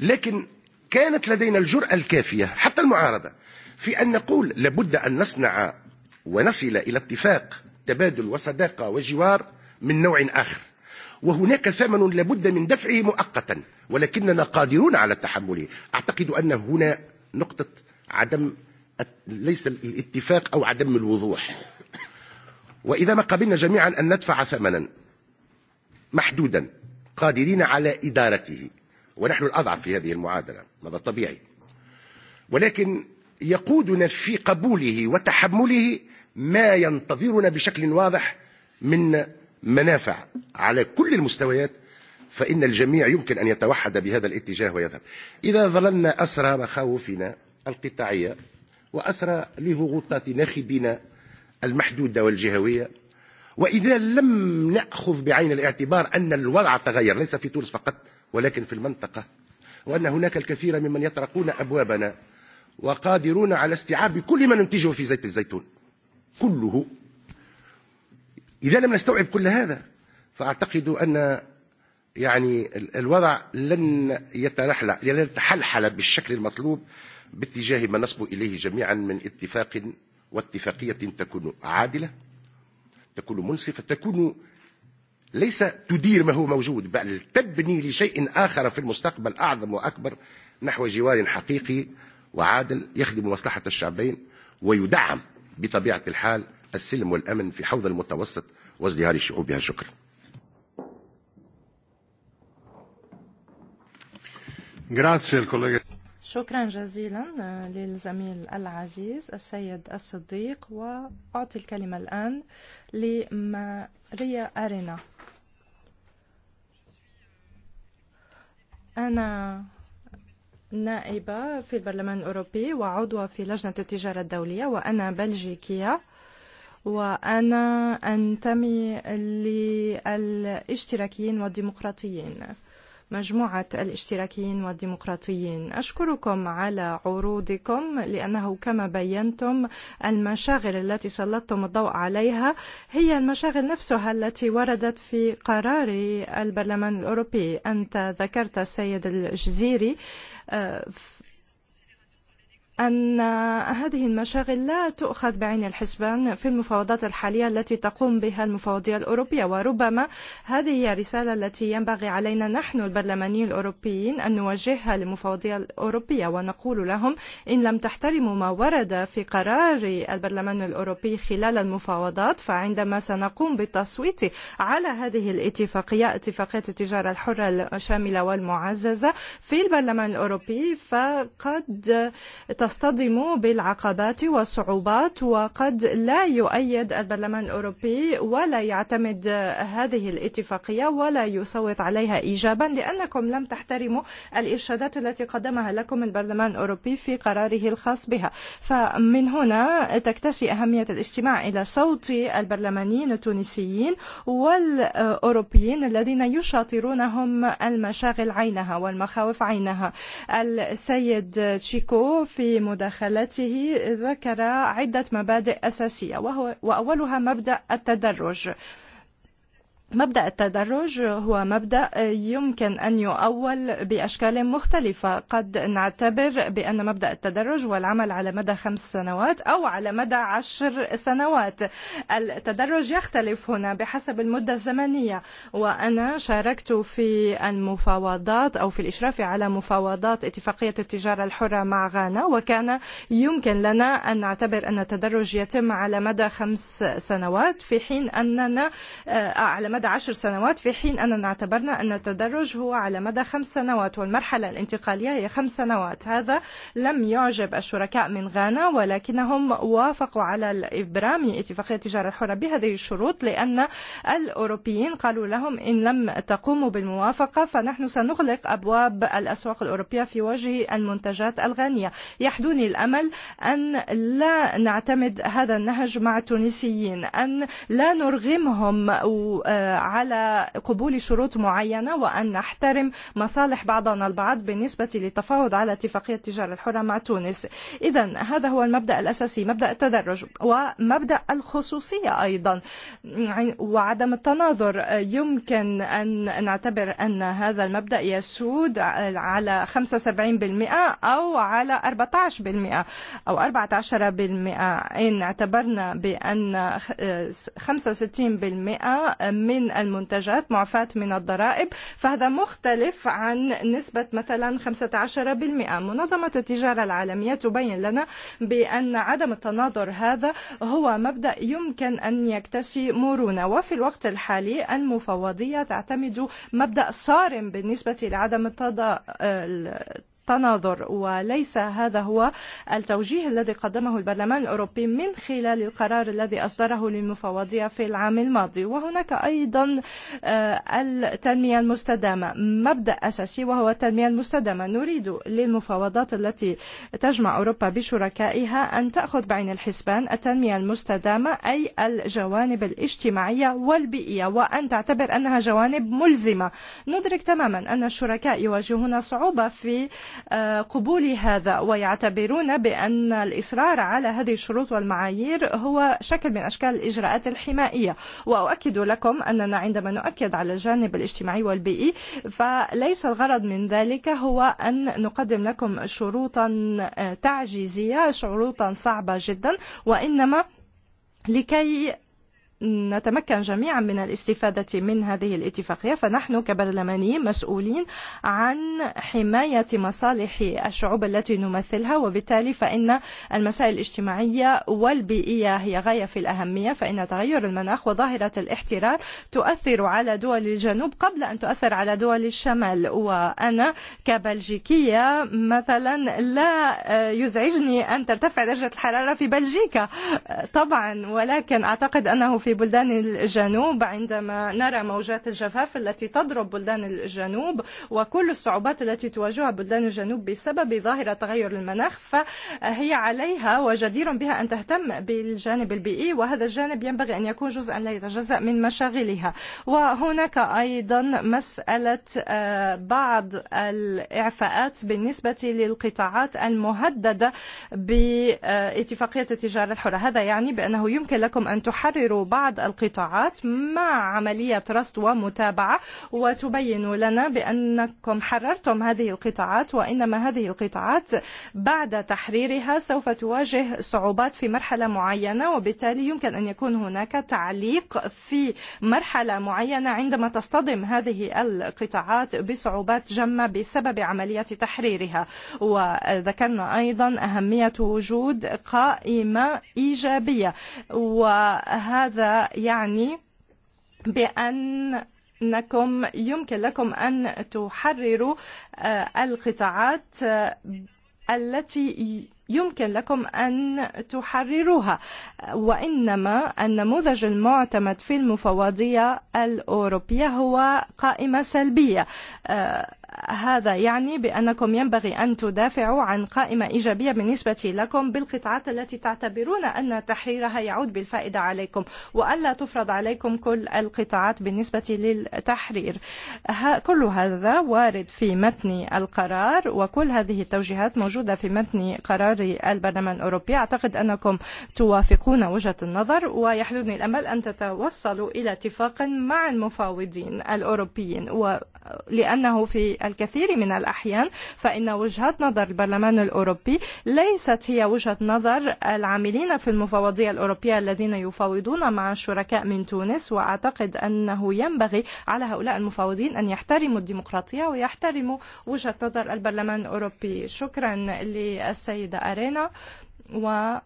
لكن كانت لدينا الجرأة الكافية حتى المعارضة في أن نقول لابد أن نصنع ونصل إلى اتفاق تبادل وصداقة وجوار من نوع آخر وهناك ثمن لابد من دفعه مؤقتا ولكننا قادرون على التحمل أعتقد أن هنا نقطة عدم ليس الاتفاق أو عدم الوضوح وإذا ما قبلنا جميعا أن ندفع ثمنا محدودا قادرين على إدارته ونحن الأضعف في هذه المعادلة هذا الطبيعي ولكن يقودنا في قبوله وتحمله ما ينتظرنا بشكل واضح من منافع على كل المستويات فإن الجميع يمكن أن يتوحد بهذا الاتجاه ويذهب إذا ظللنا أسرى مخاوفنا القطاعية وأسرى لهغوطات ناخبنا المحدودة والجهوية وإذا لم نأخذ بعين الاعتبار أن الوضع تغير ليس في تونس فقط ولكن في المنطقة وأن هناك الكثير ممن يطرقون أبوابنا وقادرون على استيعاب كل ما ننتجه في زيت الزيتون كله إذا لم نستوعب كل هذا فأعتقد أن يعني الوضع لن يترحل لن يتحلحل بالشكل المطلوب باتجاه ما نصب إليه جميعا من اتفاق واتفاقية تكون عادلة تكون منصفة تكون ليس تدير ما هو موجود بل تبني لشيء آخر في المستقبل أعظم وأكبر نحو جوار حقيقي وعادل يخدم مصلحة الشعبين ويدعم بطبيعة الحال السلم والأمن في حوض المتوسط وازدهار شعوبها شكرا Grazie al collega. شكرا جزيلا للزميل العزيز السيد الصديق وأعطي الكلمة الآن لماريا أرينا أنا نائبة في البرلمان الأوروبي وعضوة في لجنة التجارة الدولية وأنا بلجيكية وأنا أنتمي للاشتراكيين والديمقراطيين مجموعة الاشتراكيين والديمقراطيين أشكركم على عروضكم لأنه كما بينتم المشاغل التي سلطتم الضوء عليها هي المشاغل نفسها التي وردت في قرار البرلمان الأوروبي أنت ذكرت السيد الجزيري أن هذه المشاغل لا تؤخذ بعين الحسبان في المفاوضات الحالية التي تقوم بها المفوضية الأوروبية وربما هذه هي الرسالة التي ينبغي علينا نحن البرلمانيين الأوروبيين أن نوجهها للمفوضية الأوروبية ونقول لهم إن لم تحترموا ما ورد في قرار البرلمان الأوروبي خلال المفاوضات فعندما سنقوم بالتصويت على هذه الاتفاقية اتفاقية التجارة الحرة الشاملة والمعززة في البرلمان الأوروبي فقد تصطدم بالعقبات والصعوبات وقد لا يؤيد البرلمان الأوروبي ولا يعتمد هذه الاتفاقية ولا يصوت عليها إيجابا لأنكم لم تحترموا الإرشادات التي قدمها لكم البرلمان الأوروبي في قراره الخاص بها فمن هنا تكتشي أهمية الاجتماع إلى صوت البرلمانيين التونسيين والأوروبيين الذين يشاطرونهم المشاغل عينها والمخاوف عينها السيد تشيكو في في مداخلته ذكر عدة مبادئ أساسية وهو وأولها مبدأ التدرج مبدا التدرج هو مبدا يمكن أن يؤول بأشكال مختلفة قد نعتبر بأن مبدا التدرج والعمل على مدى خمس سنوات أو على مدى عشر سنوات التدرج يختلف هنا بحسب المدة الزمنية وأنا شاركت في المفاوضات أو في الإشراف على مفاوضات اتفاقية التجارة الحرة مع غانا وكان يمكن لنا أن نعتبر أن التدرج يتم على مدى خمس سنوات في حين أننا على مدى بعد عشر سنوات في حين أننا اعتبرنا أن التدرج هو على مدى خمس سنوات والمرحلة الانتقالية هي خمس سنوات هذا لم يعجب الشركاء من غانا ولكنهم وافقوا على الإبرام اتفاقية التجارة الحرة بهذه الشروط لأن الأوروبيين قالوا لهم إن لم تقوموا بالموافقة فنحن سنغلق أبواب الأسواق الأوروبية في وجه المنتجات الغانية يحدوني الأمل أن لا نعتمد هذا النهج مع التونسيين أن لا نرغمهم على قبول شروط معينة وأن نحترم مصالح بعضنا البعض بالنسبة للتفاوض على اتفاقية التجارة الحرة مع تونس إذا هذا هو المبدأ الأساسي مبدأ التدرج ومبدأ الخصوصية أيضا وعدم التناظر يمكن أن نعتبر أن هذا المبدأ يسود على 75% أو على 14% أو 14% إن اعتبرنا بأن 65% من من المنتجات معفاة من الضرائب فهذا مختلف عن نسبة مثلا 15% منظمة التجارة العالمية تبين لنا بأن عدم التناظر هذا هو مبدأ يمكن أن يكتسي مرونة وفي الوقت الحالي المفوضية تعتمد مبدأ صارم بالنسبة لعدم التضارب التناظر وليس هذا هو التوجيه الذي قدمه البرلمان الأوروبي من خلال القرار الذي أصدره للمفوضية في العام الماضي وهناك أيضا التنمية المستدامة مبدأ أساسي وهو التنمية المستدامة نريد للمفاوضات التي تجمع أوروبا بشركائها أن تأخذ بعين الحسبان التنمية المستدامة أي الجوانب الاجتماعية والبيئية وأن تعتبر أنها جوانب ملزمة ندرك تماما أن الشركاء يواجهون صعوبة في قبول هذا ويعتبرون بأن الإصرار على هذه الشروط والمعايير هو شكل من أشكال الإجراءات الحمائية وأؤكد لكم أننا عندما نؤكد على الجانب الاجتماعي والبيئي فليس الغرض من ذلك هو أن نقدم لكم شروطا تعجيزية شروطا صعبة جدا وإنما لكي نتمكن جميعا من الاستفادة من هذه الاتفاقية فنحن كبرلمانيين مسؤولين عن حماية مصالح الشعوب التي نمثلها وبالتالي فإن المسائل الاجتماعية والبيئية هي غاية في الأهمية فإن تغير المناخ وظاهرة الاحترار تؤثر على دول الجنوب قبل أن تؤثر على دول الشمال وأنا كبلجيكية مثلا لا يزعجني أن ترتفع درجة الحرارة في بلجيكا طبعا ولكن أعتقد أنه في في بلدان الجنوب عندما نرى موجات الجفاف التي تضرب بلدان الجنوب وكل الصعوبات التي تواجهها بلدان الجنوب بسبب ظاهرة تغير المناخ فهي عليها وجدير بها أن تهتم بالجانب البيئي e، وهذا الجانب ينبغي أن يكون جزءا لا يتجزأ من مشاغلها وهناك أيضا مسألة بعض الإعفاءات بالنسبة للقطاعات المهددة باتفاقية التجارة الحرة هذا يعني بأنه يمكن لكم أن تحرروا بعض القطاعات مع عملية رصد ومتابعة وتبين لنا بأنكم حررتم هذه القطاعات وإنما هذه القطاعات بعد تحريرها سوف تواجه صعوبات في مرحلة معينة وبالتالي يمكن أن يكون هناك تعليق في مرحلة معينة عندما تصطدم هذه القطاعات بصعوبات جمة بسبب عملية تحريرها وذكرنا أيضا أهمية وجود قائمة إيجابية وهذا هذا يعني بأن أنكم يمكن لكم أن تحرروا القطاعات التي يمكن لكم أن تحرروها وإنما النموذج المعتمد في المفوضية الأوروبية هو قائمة سلبية هذا يعني بأنكم ينبغي أن تدافعوا عن قائمة إيجابية بالنسبة لكم بالقطاعات التي تعتبرون أن تحريرها يعود بالفائدة عليكم وألا تفرض عليكم كل القطاعات بالنسبة للتحرير كل هذا وارد في متن القرار وكل هذه التوجيهات موجودة في متن قرار البرلمان الأوروبي أعتقد أنكم توافقون وجهة النظر ويحدثني الأمل أن تتوصلوا إلى اتفاق مع المفاوضين الأوروبيين لأنه في الكثير من الأحيان فإن وجهات نظر البرلمان الأوروبي ليست هي وجهة نظر العاملين في المفوضية الأوروبية الذين يفاوضون مع الشركاء من تونس وأعتقد أنه ينبغي على هؤلاء المفاوضين أن يحترموا الديمقراطية ويحترموا وجهة نظر البرلمان الأوروبي شكرا للسيدة أرينا وأعطي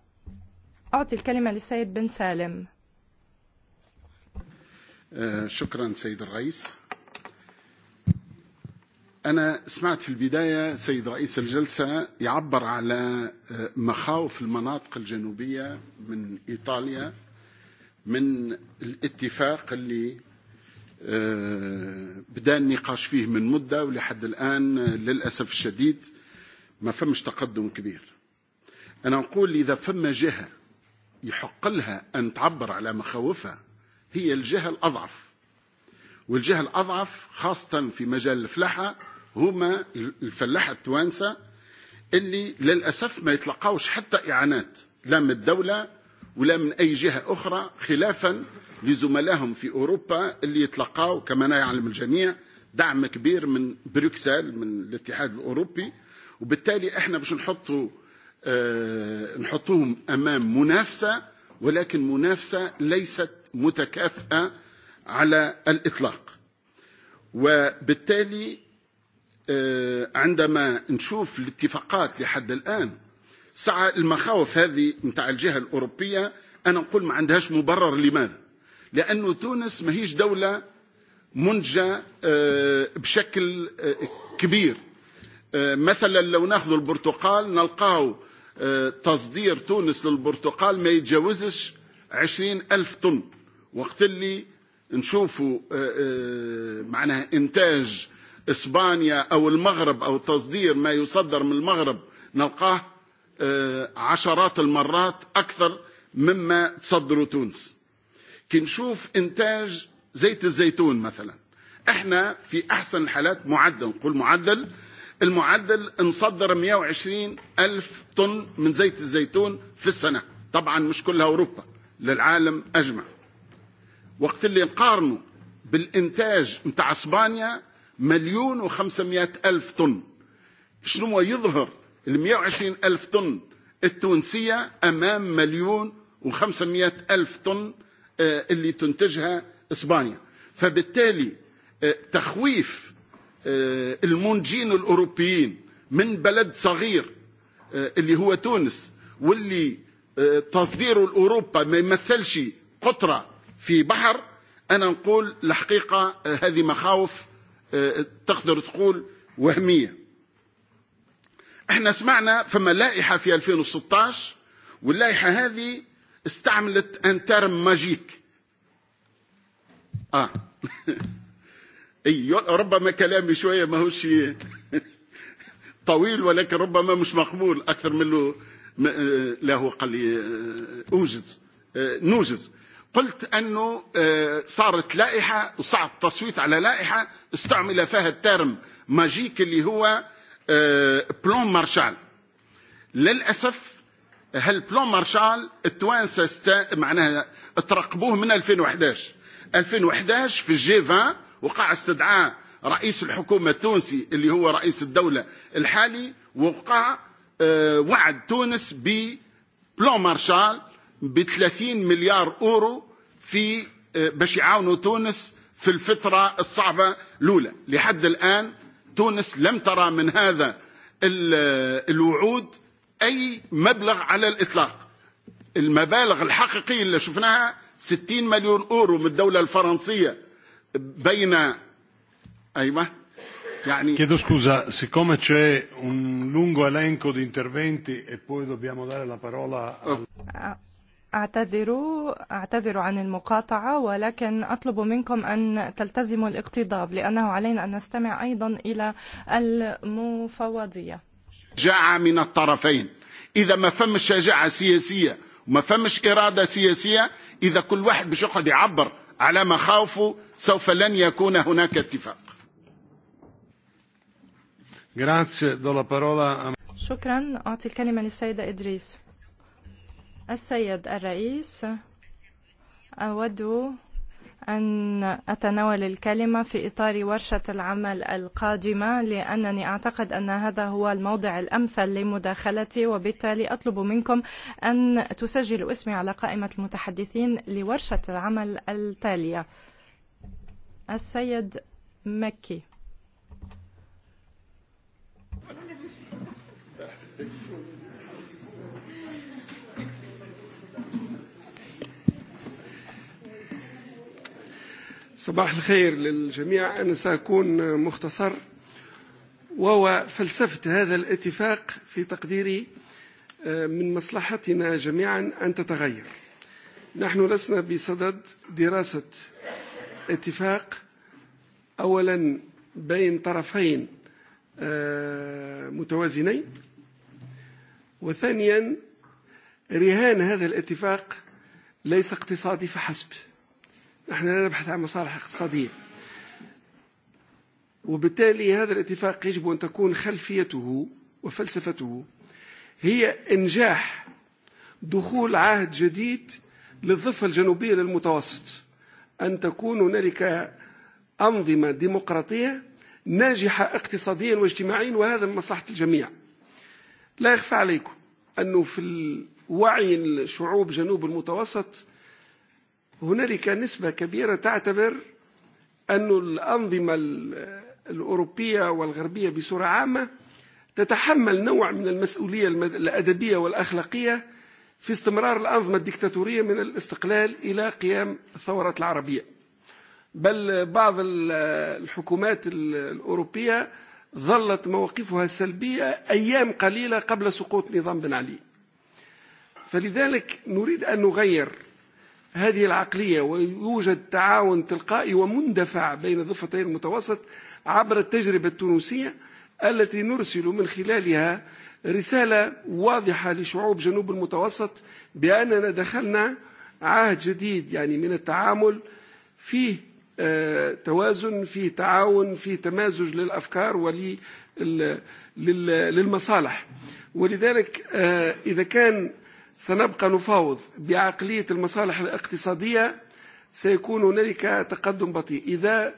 الكلمة للسيد بن سالم شكرا سيد الرئيس أنا سمعت في البداية سيد رئيس الجلسة يعبر على مخاوف المناطق الجنوبية من إيطاليا من الاتفاق اللي بدأ النقاش فيه من مدة ولحد الآن للأسف الشديد ما فمش تقدم كبير أنا أقول إذا فم جهة يحق لها أن تعبر على مخاوفها هي الجهة الأضعف والجهة الأضعف خاصة في مجال الفلاحة هما الفلاحة التوانسة اللي للأسف ما يتلقاوش حتى إعانات لا من الدولة ولا من أي جهة أخرى خلافا لزملائهم في أوروبا اللي يتلقاو كما يعلم الجميع دعم كبير من بروكسل من الاتحاد الأوروبي وبالتالي احنا باش نحطوا اه نحطوهم أمام منافسة ولكن منافسة ليست متكافئة على الإطلاق وبالتالي عندما نشوف الاتفاقات لحد الآن سعى المخاوف هذه متاع الجهة الأوروبية أنا نقول ما عندهاش مبرر لماذا لأن تونس ما هيش دولة منجة بشكل كبير مثلا لو ناخذ البرتقال نلقاه تصدير تونس للبرتقال ما يتجاوزش عشرين ألف طن وقت اللي نشوفوا معناها إنتاج إسبانيا أو المغرب أو تصدير ما يصدر من المغرب نلقاه عشرات المرات أكثر مما تصدره تونس كنشوف إنتاج زيت الزيتون مثلا احنا في أحسن الحالات معدل نقول معدل المعدل نصدر 120 ألف طن من زيت الزيتون في السنة طبعا مش كلها أوروبا للعالم أجمع وقت اللي نقارنه بالإنتاج متاع إسبانيا مليون وخمسمائة ألف طن شنو يظهر المئة وعشرين ألف طن التونسية أمام مليون وخمسمائة ألف طن اللي تنتجها إسبانيا فبالتالي تخويف المنجين الأوروبيين من بلد صغير اللي هو تونس واللي تصدير الأوروبا ما يمثلش قطرة في بحر أنا نقول الحقيقة هذه مخاوف تقدر تقول وهمية احنا سمعنا فما لائحة في 2016 واللائحة هذه استعملت ان ماجيك اه ربما كلامي شوية ما ماهوش طويل ولكن ربما مش مقبول أكثر من له قال لي أوجز نوجز قلت أنه صارت لائحة وصعب التصويت على لائحة استعمل فيها الترم ماجيك اللي هو بلون مارشال للأسف هالبلون مارشال التوانسة استا... معناها اترقبوه من 2011 2011 في الجي 20 وقع استدعاء رئيس الحكومة التونسي اللي هو رئيس الدولة الحالي وقع وعد تونس ببلون مارشال ب 30 مليار اورو في باش يعاونوا تونس في الفترة الصعبة الأولى لحد الآن تونس لم ترى من هذا الوعود أي مبلغ على الإطلاق المبالغ الحقيقية اللي شفناها 60 مليون أورو من الدولة الفرنسية بين أيوة يعني Chiedo scusa, siccome c'è un lungo elenco di interventi e poi dobbiamo dare la parola al... Ah, اعتذروا اعتذروا عن المقاطعة ولكن أطلب منكم أن تلتزموا الاقتضاب لأنه علينا أن نستمع أيضا إلى المفوضية شجاعة من الطرفين إذا ما فمش شجاعة سياسية وما فمش إرادة سياسية إذا كل واحد باش يقعد يعبر على مخاوفه سوف لن يكون هناك اتفاق شكرا أعطي الكلمة للسيدة إدريس السيد الرئيس أود أن أتناول الكلمة في إطار ورشة العمل القادمة لأنني أعتقد أن هذا هو الموضع الأمثل لمداخلتي وبالتالي أطلب منكم أن تسجلوا اسمي على قائمة المتحدثين لورشة العمل التالية السيد مكي صباح الخير للجميع أنا سأكون مختصر وهو فلسفة هذا الاتفاق في تقديري من مصلحتنا جميعا أن تتغير نحن لسنا بصدد دراسة اتفاق أولا بين طرفين متوازنين وثانيا رهان هذا الاتفاق ليس اقتصادي فحسب نحن لا نبحث عن مصالح اقتصادية وبالتالي هذا الاتفاق يجب أن تكون خلفيته وفلسفته هي إنجاح دخول عهد جديد للضفة الجنوبية للمتوسط أن تكون هنالك أنظمة ديمقراطية ناجحة اقتصاديا واجتماعيا وهذا من مصلحة الجميع لا يخفى عليكم أنه في وعي الشعوب جنوب المتوسط هنالك نسبة كبيرة تعتبر أن الأنظمة الأوروبية والغربية بصورة عامة تتحمل نوع من المسؤولية الأدبية والأخلاقية في استمرار الأنظمة الدكتاتورية من الاستقلال إلى قيام الثورات العربية بل بعض الحكومات الأوروبية ظلت مواقفها السلبية أيام قليلة قبل سقوط نظام بن علي فلذلك نريد أن نغير هذه العقلية ويوجد تعاون تلقائي ومندفع بين ضفتي المتوسط عبر التجربة التونسية التي نرسل من خلالها رسالة واضحة لشعوب جنوب المتوسط بأننا دخلنا عهد جديد يعني من التعامل فيه توازن فيه تعاون فيه تمازج للأفكار وللمصالح ولذلك إذا كان سنبقى نفاوض بعقلية المصالح الاقتصادية سيكون هنالك تقدم بطيء إذا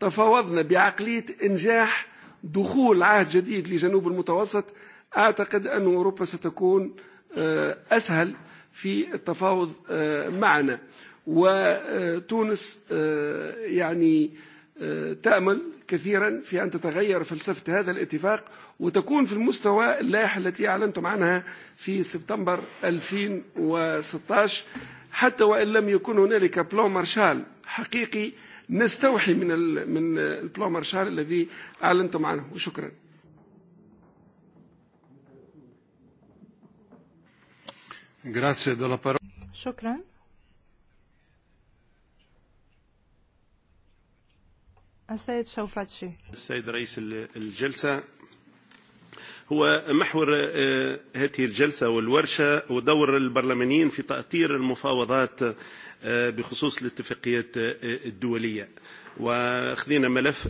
تفاوضنا بعقلية إنجاح دخول عهد جديد لجنوب المتوسط أعتقد أن أوروبا ستكون أسهل في التفاوض معنا وتونس يعني تأمل كثيرا في أن تتغير فلسفة هذا الاتفاق وتكون في المستوى اللائحة التي أعلنتم عنها في سبتمبر 2016 حتى وإن لم يكن هنالك بلو مارشال حقيقي نستوحي من من البلان مارشال الذي أعلنتم عنه وشكرا شكرا السيد شوفاتشي السيد رئيس الجلسة هو محور هذه الجلسة والورشة ودور البرلمانيين في تأطير المفاوضات بخصوص الاتفاقيات الدولية واخذنا ملف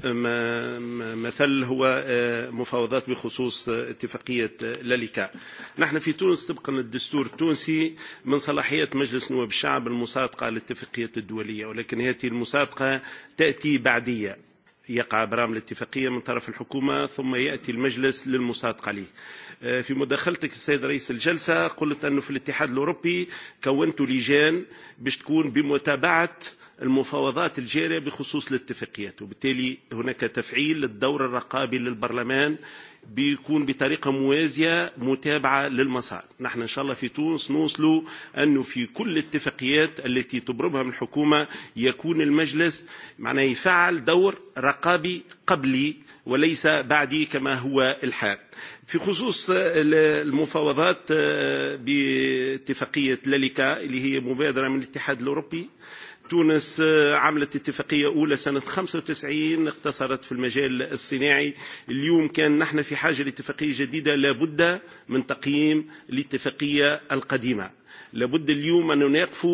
مثل هو مفاوضات بخصوص اتفاقية لاليكا نحن في تونس طبقا الدستور التونسي من صلاحية مجلس نواب الشعب المصادقة للاتفاقية الدولية ولكن هذه المصادقة تأتي بعدية يقع برام الاتفاقية من طرف الحكومة ثم يأتي المجلس للمصادقة عليه في مداخلتك السيد رئيس الجلسة قلت أنه في الاتحاد الأوروبي كونت لجان باش تكون بمتابعة المفاوضات الجارية بخصوص الاتفاقيات وبالتالي هناك تفعيل للدور الرقابي للبرلمان بيكون بطريقة موازية متابعة للمصالح نحن إن شاء الله في تونس نوصلوا أنه في كل الاتفاقيات التي تبرمها من الحكومة يكون المجلس معناه يفعل دور رقابي قبلي وليس بعدي كما هو الحال في خصوص المفاوضات باتفاقية لاليكا اللي هي مبادرة من الاتحاد الأوروبي تونس عملت اتفاقية أولى سنة 95 اقتصرت في المجال الصناعي اليوم كان نحن في حاجة لاتفاقية جديدة لابد من تقييم الاتفاقية القديمة لابد اليوم أن نناقف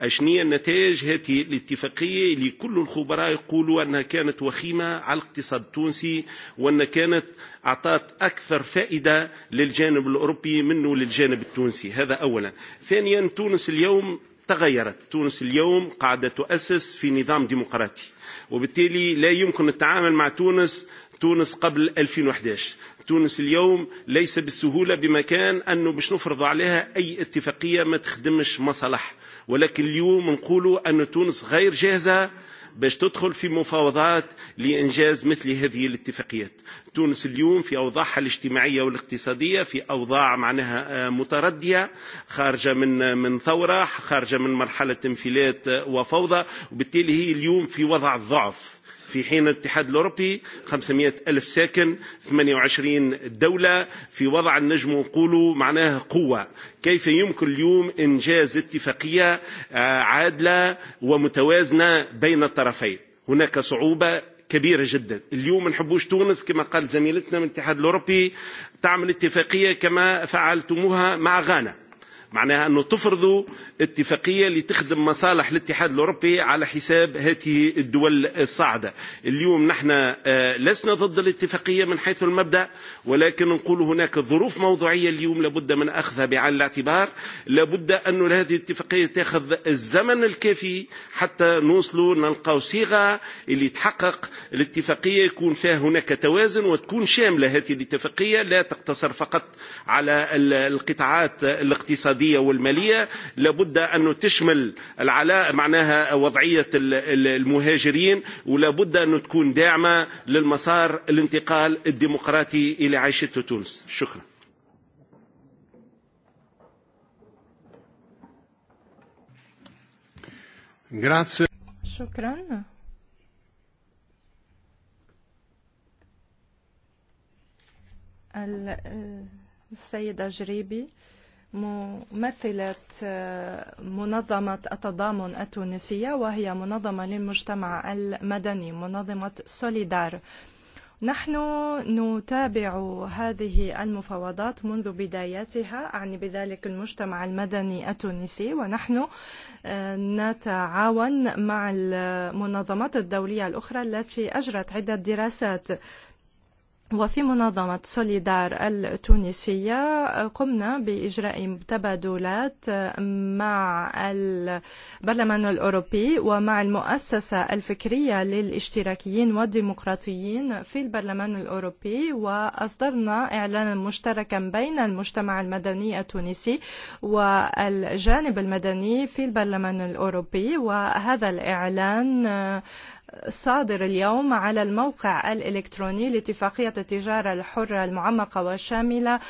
أشنية نتائج هذه الاتفاقية لكل الخبراء يقولوا أنها كانت وخيمة على الاقتصاد التونسي وأنها كانت أعطت أكثر فائدة للجانب الأوروبي منه للجانب التونسي هذا أولا ثانيا تونس اليوم تغيرت تونس اليوم قاعدة تؤسس في نظام ديمقراطي وبالتالي لا يمكن التعامل مع تونس تونس قبل 2011 تونس اليوم ليس بالسهولة بمكان أنه مش نفرض عليها أي اتفاقية ما تخدمش مصالح ولكن اليوم نقولوا أن تونس غير جاهزة باش تدخل في مفاوضات لإنجاز مثل هذه الاتفاقيات تونس اليوم في أوضاعها الاجتماعية والاقتصادية في أوضاع معناها متردية خارجة من من ثورة خارجة من مرحلة انفلات وفوضى وبالتالي هي اليوم في وضع ضعف في حين الاتحاد الأوروبي 500 ألف ساكن 28 دولة في وضع النجم نقول معناه قوة كيف يمكن اليوم إنجاز اتفاقية عادلة ومتوازنة بين الطرفين هناك صعوبة كبيرة جدا اليوم نحبوش تونس كما قال زميلتنا من الاتحاد الأوروبي تعمل اتفاقية كما فعلتموها مع غانا معناها أنه تفرضوا اتفاقية لتخدم مصالح الاتحاد الأوروبي على حساب هذه الدول الصاعدة اليوم نحن لسنا ضد الاتفاقية من حيث المبدأ ولكن نقول هناك ظروف موضوعية اليوم لابد من أخذها بعين الاعتبار لابد أن هذه الاتفاقية تأخذ الزمن الكافي حتى نوصل نلقى صيغة اللي تحقق الاتفاقية يكون فيها هناك توازن وتكون شاملة هذه الاتفاقية لا تقتصر فقط على القطاعات الاقتصادية الاقتصاديه والماليه لابد ان تشمل العلاء معناها وضعيه المهاجرين ولابد ان تكون داعمه للمسار الانتقال الديمقراطي الى عيشه تونس شكرا Grazie. Shukran. al, السيدة جريبي ممثلة منظمة التضامن التونسية وهي منظمة للمجتمع المدني منظمة سوليدار نحن نتابع هذه المفاوضات منذ بدايتها أعني بذلك المجتمع المدني التونسي ونحن نتعاون مع المنظمات الدولية الأخرى التي أجرت عدة دراسات وفي منظمة سوليدار التونسية قمنا بإجراء تبادلات مع البرلمان الأوروبي ومع المؤسسة الفكرية للاشتراكيين والديمقراطيين في البرلمان الأوروبي وأصدرنا إعلانا مشتركا بين المجتمع المدني التونسي والجانب المدني في البرلمان الأوروبي وهذا الإعلان صادر اليوم على الموقع الإلكتروني لاتفاقية التجارة الحرة المعمقة والشاملة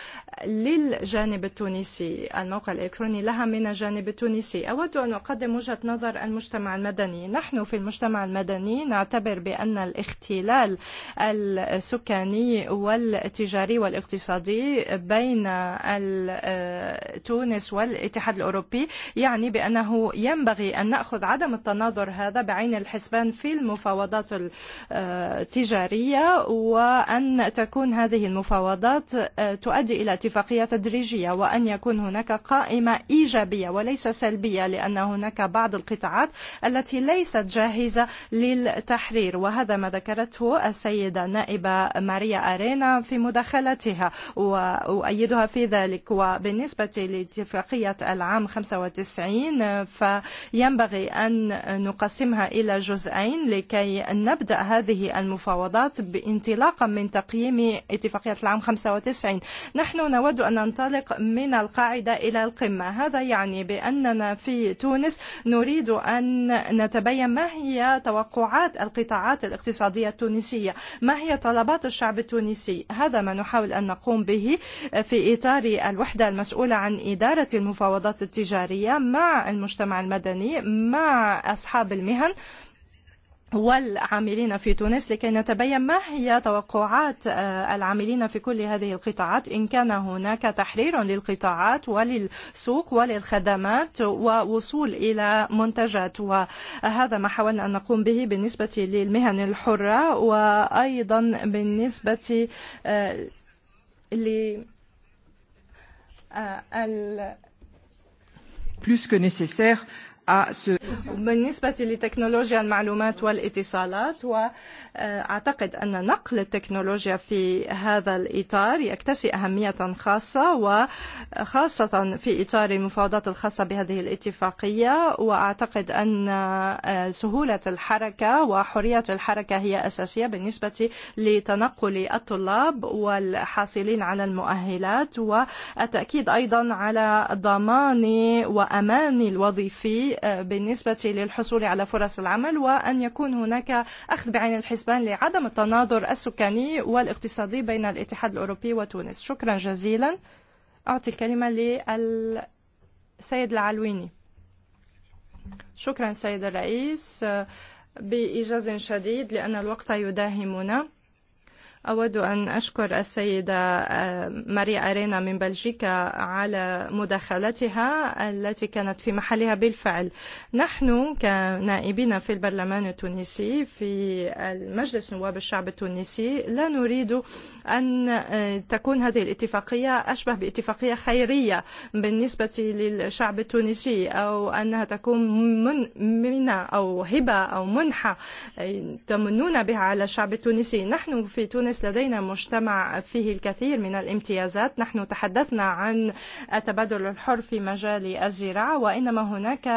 للجانب التونسي الموقع الإلكتروني لها من الجانب التونسي أود أن أقدم وجهة نظر المجتمع المدني نحن في المجتمع المدني نعتبر بأن الاختلال السكاني والتجاري والاقتصادي بين تونس والاتحاد الأوروبي يعني بأنه ينبغي أن نأخذ عدم التناظر هذا بعين الحسبان في الم المفاوضات التجارية وأن تكون هذه المفاوضات تؤدي إلى اتفاقية تدريجية وأن يكون هناك قائمة إيجابية وليس سلبية لأن هناك بعض القطاعات التي ليست جاهزة للتحرير وهذا ما ذكرته السيدة نائبة ماريا أرينا في مدخلتها وأؤيدها في ذلك وبالنسبة لاتفاقية العام 95 فينبغي أن نقسمها إلى جزئين لكي نبدأ هذه المفاوضات بانطلاقا من تقييم اتفاقية العام 95 نحن نود أن ننطلق من القاعدة إلى القمة هذا يعني بأننا في تونس نريد أن نتبين ما هي توقعات القطاعات الاقتصادية التونسية ما هي طلبات الشعب التونسي هذا ما نحاول أن نقوم به في إطار الوحدة المسؤولة عن إدارة المفاوضات التجارية مع المجتمع المدني مع أصحاب المهن والعاملين في تونس لكي نتبين ما هي توقعات العاملين في كل هذه القطاعات إن كان هناك تحرير للقطاعات وللسوق وللخدمات ووصول إلى منتجات وهذا ما حاولنا أن نقوم به بالنسبة للمهن الحرة وأيضا بالنسبة ل plus que nécessaire بالنسبة لتكنولوجيا المعلومات والاتصالات وأعتقد أن نقل التكنولوجيا في هذا الإطار يكتسي أهمية خاصة وخاصة في إطار المفاوضات الخاصة بهذه الاتفاقية وأعتقد أن سهولة الحركة وحرية الحركة هي أساسية بالنسبة لتنقل الطلاب والحاصلين على المؤهلات والتأكيد أيضا على ضمان وأمان الوظيفي بالنسبة للحصول على فرص العمل وأن يكون هناك أخذ بعين الحسبان لعدم التناظر السكاني والاقتصادي بين الاتحاد الأوروبي وتونس شكرا جزيلا أعطي الكلمة للسيد العلويني شكرا سيد الرئيس بإيجاز شديد لأن الوقت يداهمنا أود أن أشكر السيدة ماريا أرينا من بلجيكا على مداخلتها التي كانت في محلها بالفعل نحن كنائبين في البرلمان التونسي في المجلس نواب الشعب التونسي لا نريد أن تكون هذه الاتفاقية أشبه باتفاقية خيرية بالنسبة للشعب التونسي أو أنها تكون من, منا أو هبة أو منحة تمنون بها على الشعب التونسي نحن في تونس تونس لدينا مجتمع فيه الكثير من الامتيازات نحن تحدثنا عن التبادل الحر في مجال الزراعة وإنما هناك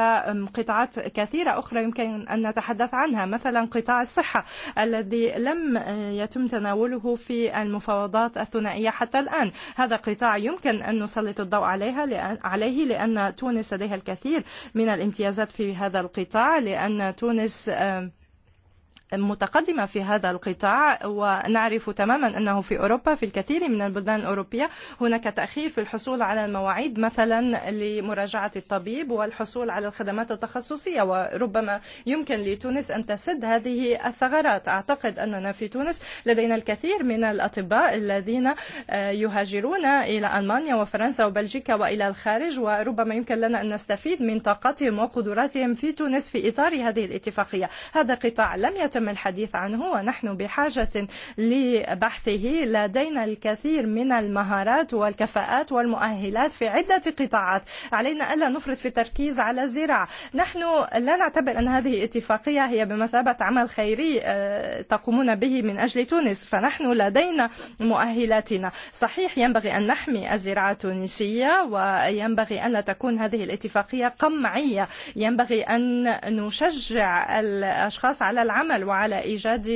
قطاعات كثيرة أخرى يمكن أن نتحدث عنها مثلا قطاع الصحة الذي لم يتم تناوله في المفاوضات الثنائية حتى الآن هذا قطاع يمكن أن نسلط الضوء عليها لأن عليه لأن تونس لديها الكثير من الامتيازات في هذا القطاع لأن تونس متقدمة في هذا القطاع ونعرف تماما أنه في أوروبا في الكثير من البلدان الأوروبية هناك تأخير في الحصول على المواعيد مثلا لمراجعة الطبيب والحصول على الخدمات التخصصية وربما يمكن لتونس أن تسد هذه الثغرات أعتقد أننا في تونس لدينا الكثير من الأطباء الذين يهاجرون إلى ألمانيا وفرنسا وبلجيكا وإلى الخارج وربما يمكن لنا أن نستفيد من طاقتهم وقدراتهم في تونس في إطار هذه الاتفاقية هذا قطاع لم يتم تم الحديث عنه ونحن بحاجة لبحثه لدينا الكثير من المهارات والكفاءات والمؤهلات في عدة قطاعات علينا ألا نفرط في التركيز على الزراعة نحن لا نعتبر أن هذه اتفاقية هي بمثابة عمل خيري تقومون به من أجل تونس فنحن لدينا مؤهلاتنا صحيح ينبغي أن نحمي الزراعة التونسية وينبغي أن لا تكون هذه الاتفاقية قمعية ينبغي أن نشجع الأشخاص على العمل وعلى إيجاد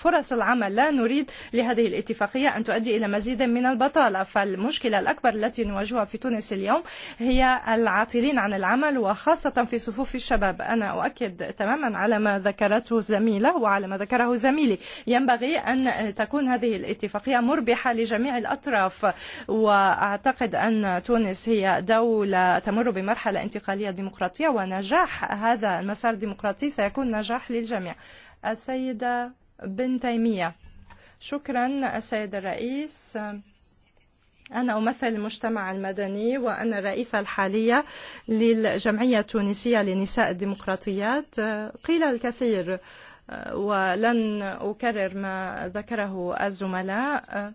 فرص العمل لا نريد لهذه الاتفاقية أن تؤدي إلى مزيد من البطالة فالمشكلة الأكبر التي نواجهها في تونس اليوم هي العاطلين عن العمل وخاصة في صفوف الشباب أنا أؤكد تماما على ما ذكرته زميلة وعلى ما ذكره زميلي ينبغي أن تكون هذه الاتفاقية مربحة لجميع الأطراف وأعتقد أن تونس هي دولة تمر بمرحلة انتقالية ديمقراطية ونجاح هذا المسار الديمقراطي سيكون نجاح للجميع السيدة بن تيمية شكرا السيد الرئيس أنا أمثل المجتمع المدني وأنا الرئيسة الحالية للجمعية التونسية لنساء الديمقراطيات قيل الكثير ولن أكرر ما ذكره الزملاء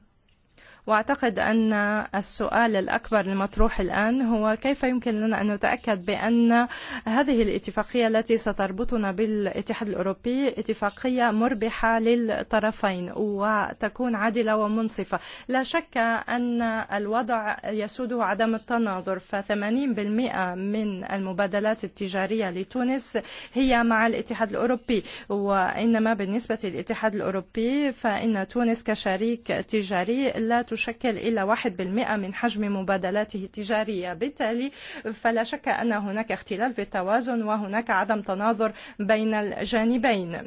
وأعتقد أن السؤال الأكبر المطروح الآن هو كيف يمكن لنا أن نتأكد بأن هذه الاتفاقية التي ستربطنا بالاتحاد الأوروبي اتفاقية مربحة للطرفين وتكون عادلة ومنصفة لا شك أن الوضع يسوده عدم التناظر ف80% من المبادلات التجارية لتونس هي مع الاتحاد الأوروبي وإنما بالنسبة للاتحاد الأوروبي فإن تونس كشريك تجاري لا تشكل إلا واحد بالمئة من حجم مبادلاته التجارية بالتالي فلا شك أن هناك اختلال في التوازن وهناك عدم تناظر بين الجانبين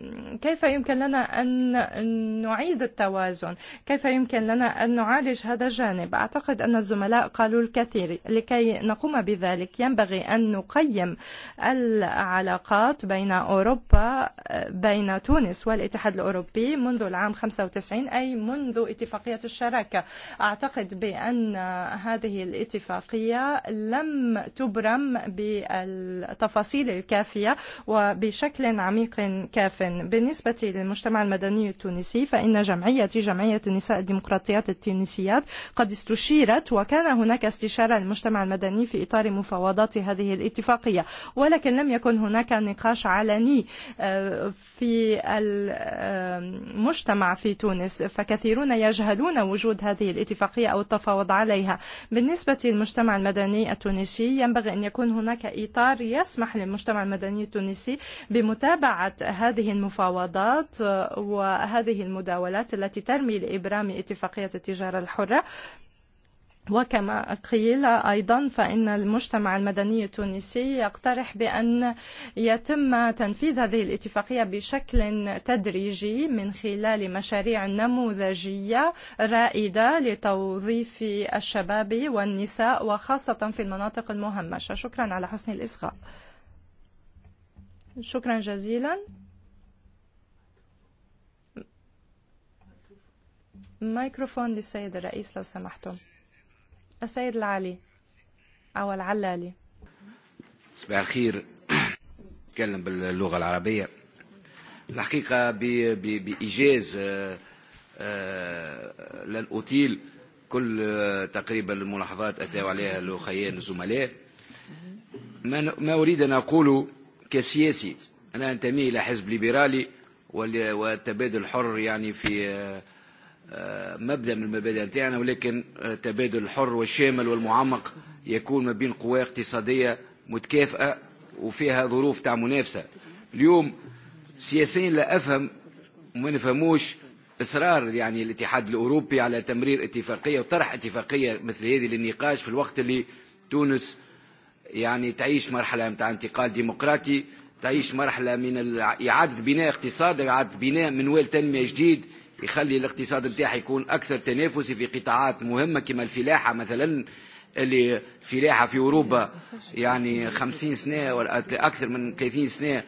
كيف يمكن لنا أن نعيد التوازن كيف يمكن لنا أن نعالج هذا الجانب أعتقد أن الزملاء قالوا الكثير لكي نقوم بذلك ينبغي أن نقيم العلاقات بين أوروبا بين تونس والاتحاد الأوروبي منذ العام 95 أي منذ اتفاقية الشراكة أعتقد بأن هذه الاتفاقية لم تبرم بالتفاصيل الكافية وبشكل عميق كاف بالنسبة للمجتمع المدني التونسي فإن جمعية جمعية النساء الديمقراطيات التونسيات قد استشيرت وكان هناك استشارة للمجتمع المدني في إطار مفاوضات هذه الاتفاقية ولكن لم يكن هناك نقاش علني في المجتمع في تونس فكثيرون يجهلون وجود هذه هذه الاتفاقية أو التفاوض عليها بالنسبة للمجتمع المدني التونسي ينبغي أن يكون هناك إطار يسمح للمجتمع المدني التونسي بمتابعة هذه المفاوضات وهذه المداولات التي ترمي لإبرام اتفاقية التجارة الحرة وكما قيل أيضا فإن المجتمع المدني التونسي يقترح بأن يتم تنفيذ هذه الاتفاقية بشكل تدريجي من خلال مشاريع نموذجية رائدة لتوظيف الشباب والنساء وخاصة في المناطق المهمشة شكرا على حسن الإصغاء شكرا جزيلا مايكروفون للسيد الرئيس لو سمحتم السيد العالي أو العلالي صباح الخير تكلم باللغة العربية الحقيقة بإيجاز للأوتيل كل تقريبا الملاحظات أتوا عليها الأخيان الزملاء ما أريد أن أقوله كسياسي أنا أنتمي إلى حزب ليبرالي والتبادل الحر يعني في مبدأ من المبادئ بتاعنا ولكن التبادل الحر والشامل والمعمق يكون ما بين قوى اقتصادية متكافئة وفيها ظروف تاع منافسة اليوم سياسيا لا أفهم وما نفهموش إصرار يعني الاتحاد الأوروبي على تمرير اتفاقية وطرح اتفاقية مثل هذه للنقاش في الوقت اللي تونس يعني تعيش مرحلة متاع انتقال ديمقراطي تعيش مرحلة من إعادة بناء اقتصاد إعادة بناء منوال تنمية جديد يخلي الاقتصاد نتاعها يكون أكثر تنافسي في قطاعات مهمة كما الفلاحة مثلا اللي فلاحة في أوروبا يعني خمسين سنة ولا أكثر من ثلاثين سنة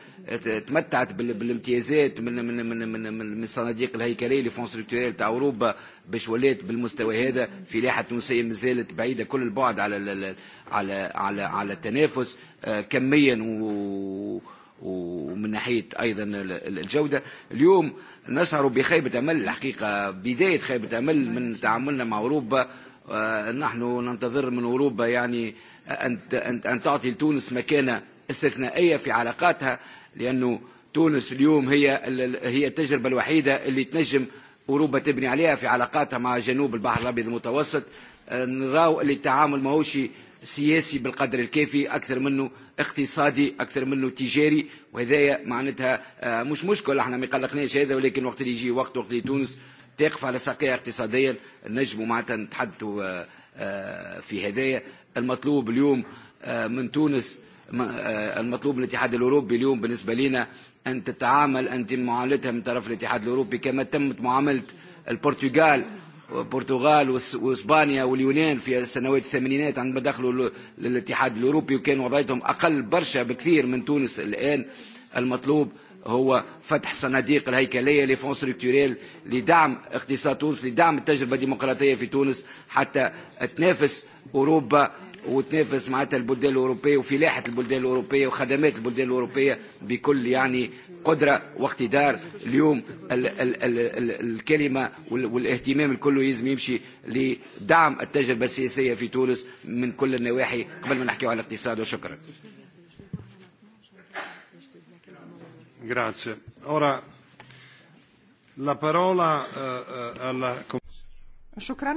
تمتعت بالامتيازات من من من من من, من صناديق الهيكلية لفون ستركتوريال تاع اوروبا باش ولات بالمستوى هذا فلاحة تونسيه مازالت بعيده كل البعد على على على على, التنافس كميا ومن ناحيه ايضا الجوده اليوم نشعر بخيبة أمل الحقيقة بداية خيبة أمل من تعاملنا مع أوروبا نحن ننتظر من أوروبا يعني أن أن تعطي لتونس مكانة استثنائية في علاقاتها لأنه تونس اليوم هي هي التجربة الوحيدة اللي تنجم أوروبا تبني عليها في علاقاتها مع جنوب البحر الأبيض المتوسط نراو اللي التعامل ماهوش سياسي بالقدر الكافي أكثر منه اقتصادي أكثر منه تجاري وهذا معناتها مش مشكل احنا ما يقلقناش هذا ولكن وقت اللي يجي وقت وقت اللي تونس تقف على ساقيها اقتصاديا نجموا معناتها نتحدثوا في هدايا المطلوب اليوم من تونس المطلوب من الاتحاد الأوروبي اليوم بالنسبة لنا أن تتعامل أنت معاملتها من طرف الاتحاد الأوروبي كما تمت معاملة البرتغال البرتغال واسبانيا واليونان في سنوات الثمانينات عندما دخلوا للاتحاد الاوروبي وكان وضعيتهم اقل برشا بكثير من تونس الان المطلوب هو فتح صناديق الهيكلية لفون ستركتوريل لدعم اقتصاد تونس لدعم التجربة الديمقراطية في تونس حتى تنافس أوروبا وتنافس معناتها البلدان الأوروبية وفلاحة البلدان الأوروبية وخدمات البلدان الأوروبية بكل يعني قدرة واقتدار اليوم ال ال ال ال الكلمة والاهتمام الكل يزم يمشي لدعم التجربة السياسية في تونس من كل النواحي قبل ما نحكيه على الاقتصاد وشكرا Grazie. Ora la parola eh, eh alla شكرا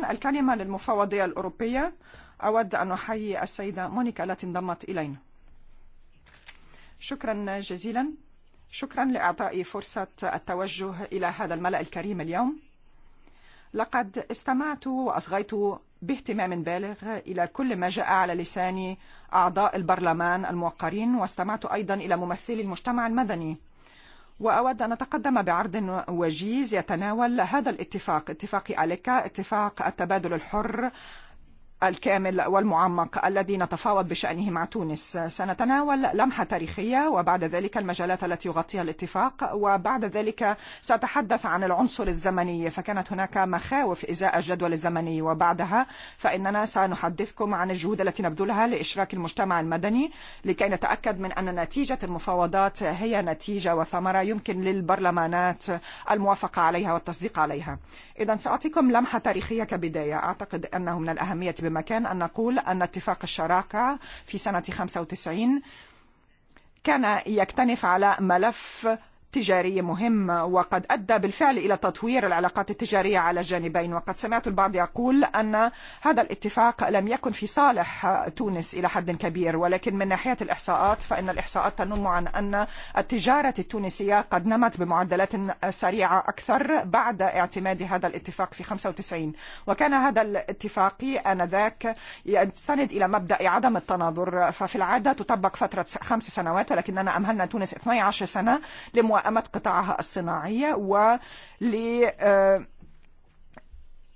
Għawadda għannu ħajji għas-sajda Monika la tindammat ilajn. Xukran ġezilan. Xukran li għatai fursat għattawġuħ ila ħada l-mala il-karim il-jom. Laqad istamatu u għazgħajtu biħtimam minn ila kulli maġa għala lisani għada il-barlaman al muqqarin u istamatu għajdan ila mumathili l-mujtama għal-madani. Wa għawad għana taqaddama biħardin u għagġiz jatanawal ħada l-ittifaq, ittifaqi għalika, ittifaq għattabadul l-ħur الكامل والمعمق الذي نتفاوض بشأنه مع تونس سنتناول لمحة تاريخية وبعد ذلك المجالات التي يغطيها الاتفاق وبعد ذلك سأتحدث عن العنصر الزمني فكانت هناك مخاوف إزاء الجدول الزمني وبعدها فإننا سنحدثكم عن الجهود التي نبذلها لإشراك المجتمع المدني لكي نتأكد من أن نتيجة المفاوضات هي نتيجة وثمرة يمكن للبرلمانات الموافقة عليها والتصديق عليها إذا سأعطيكم لمحة تاريخية كبداية أعتقد أنه من الأهمية المكان għanna نقول أن اتفاق xaraka fi sanati 95 كان يكتنف fala malaf تجارية مهمة وقد أدى بالفعل إلى تطوير العلاقات التجارية على الجانبين وقد سمعت البعض يقول أن هذا الاتفاق لم يكن في صالح تونس إلى حد كبير ولكن من ناحية الإحصاءات فإن الإحصاءات تنم عن أن التجارة التونسية قد نمت بمعدلات سريعة أكثر بعد اعتماد هذا الاتفاق في 95 وكان هذا الاتفاق آنذاك يستند إلى مبدأ عدم التناظر ففي العادة تطبق فترة خمس سنوات ولكننا أمهلنا تونس 12 سنة لمؤ لملائمة قطاعها الصناعية bi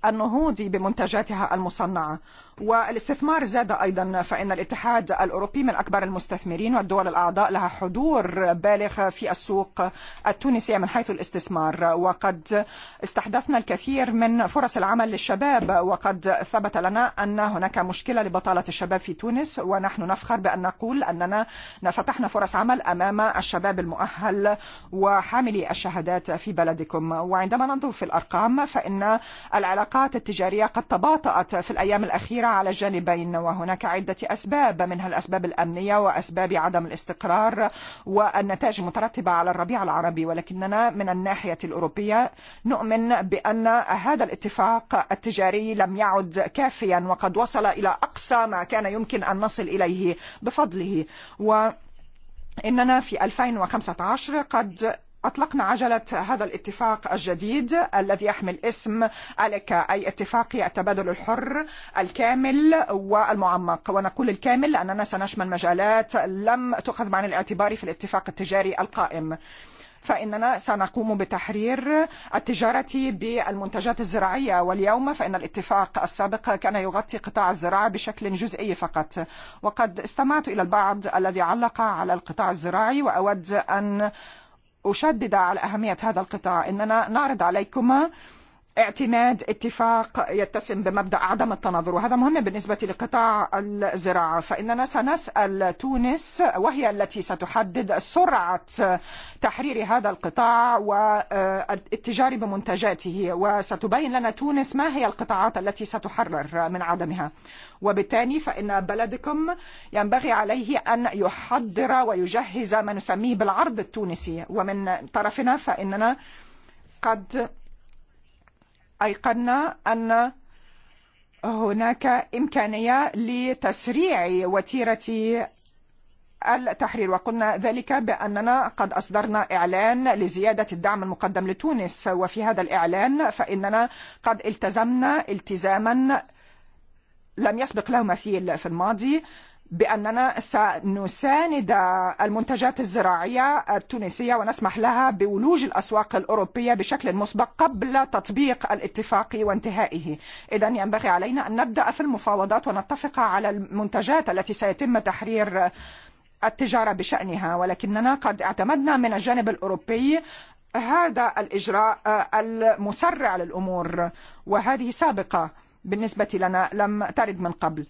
النهوض بمنتجاتها المصنعة والاستثمار زاد أيضا فإن الاتحاد الأوروبي من أكبر المستثمرين والدول الأعضاء لها حضور بالغ في السوق التونسية من حيث الاستثمار وقد استحدثنا الكثير من فرص العمل للشباب وقد ثبت لنا أن هناك مشكلة لبطالة الشباب في تونس ونحن نفخر بأن نقول أننا فتحنا فرص عمل أمام الشباب المؤهل وحاملي الشهادات في بلدكم وعندما ننظر في الأرقام فإن العلاقات التجارية قد تباطأت في الأيام الأخيرة على الجانبين وهناك عدة أسباب منها الأسباب الأمنية وأسباب عدم الاستقرار والنتائج المترتبة على الربيع العربي ولكننا من الناحية الأوروبية نؤمن بأن هذا الاتفاق التجاري لم يعد كافيا وقد وصل إلى أقصى ما كان يمكن أن نصل إليه بفضله و إننا في 2015 قد أطلقنا عجلة هذا الاتفاق الجديد الذي يحمل اسم ألك أي اتفاق التبادل الحر الكامل والمعمق ونقول الكامل لأننا سنشمل مجالات لم تؤخذ بعين الاعتبار في الاتفاق التجاري القائم فإننا سنقوم بتحرير التجارة بالمنتجات الزراعية واليوم فإن الاتفاق السابق كان يغطي قطاع الزراعة بشكل جزئي فقط وقد استمعت إلى البعض الذي علق على القطاع الزراعي وأود أن وشدد على أهمية هذا القطاع إننا نعرض عليكم اعتماد اتفاق يتسم بمبدأ عدم التنظر وهذا مهم بالنسبة لقطاع الزراعة فإننا سنسأل تونس وهي التي ستحدد سرعة تحرير هذا القطاع والاتجار بمنتجاته وستبين لنا تونس ما هي القطاعات التي ستحرر من عدمها وبالتالي فإن بلدكم ينبغي عليه أن يحضر ويجهز ما نسميه بالعرض التونسي ومن طرفنا فإننا قد أيقنا أن هناك إمكانية لتسريع وتيرة التحرير وقلنا ذلك بأننا قد أصدرنا إعلان لزيادة الدعم المقدم لتونس وفي هذا الإعلان فإننا قد التزمنا التزاما لم يسبق له مثيل في الماضي بأننا سنساند المنتجات الزراعية التونسية ونسمح لها بولوج الأسواق الأوروبية بشكل مسبق قبل تطبيق الاتفاق وانتهائه إذا ينبغي علينا أن نبدأ في المفاوضات ونتفق على المنتجات التي سيتم تحرير التجارة بشأنها ولكننا قد اعتمدنا من الجانب الأوروبي هذا الإجراء المسرع للأمور وهذه سابقة بالنسبة لنا لم ترد من قبل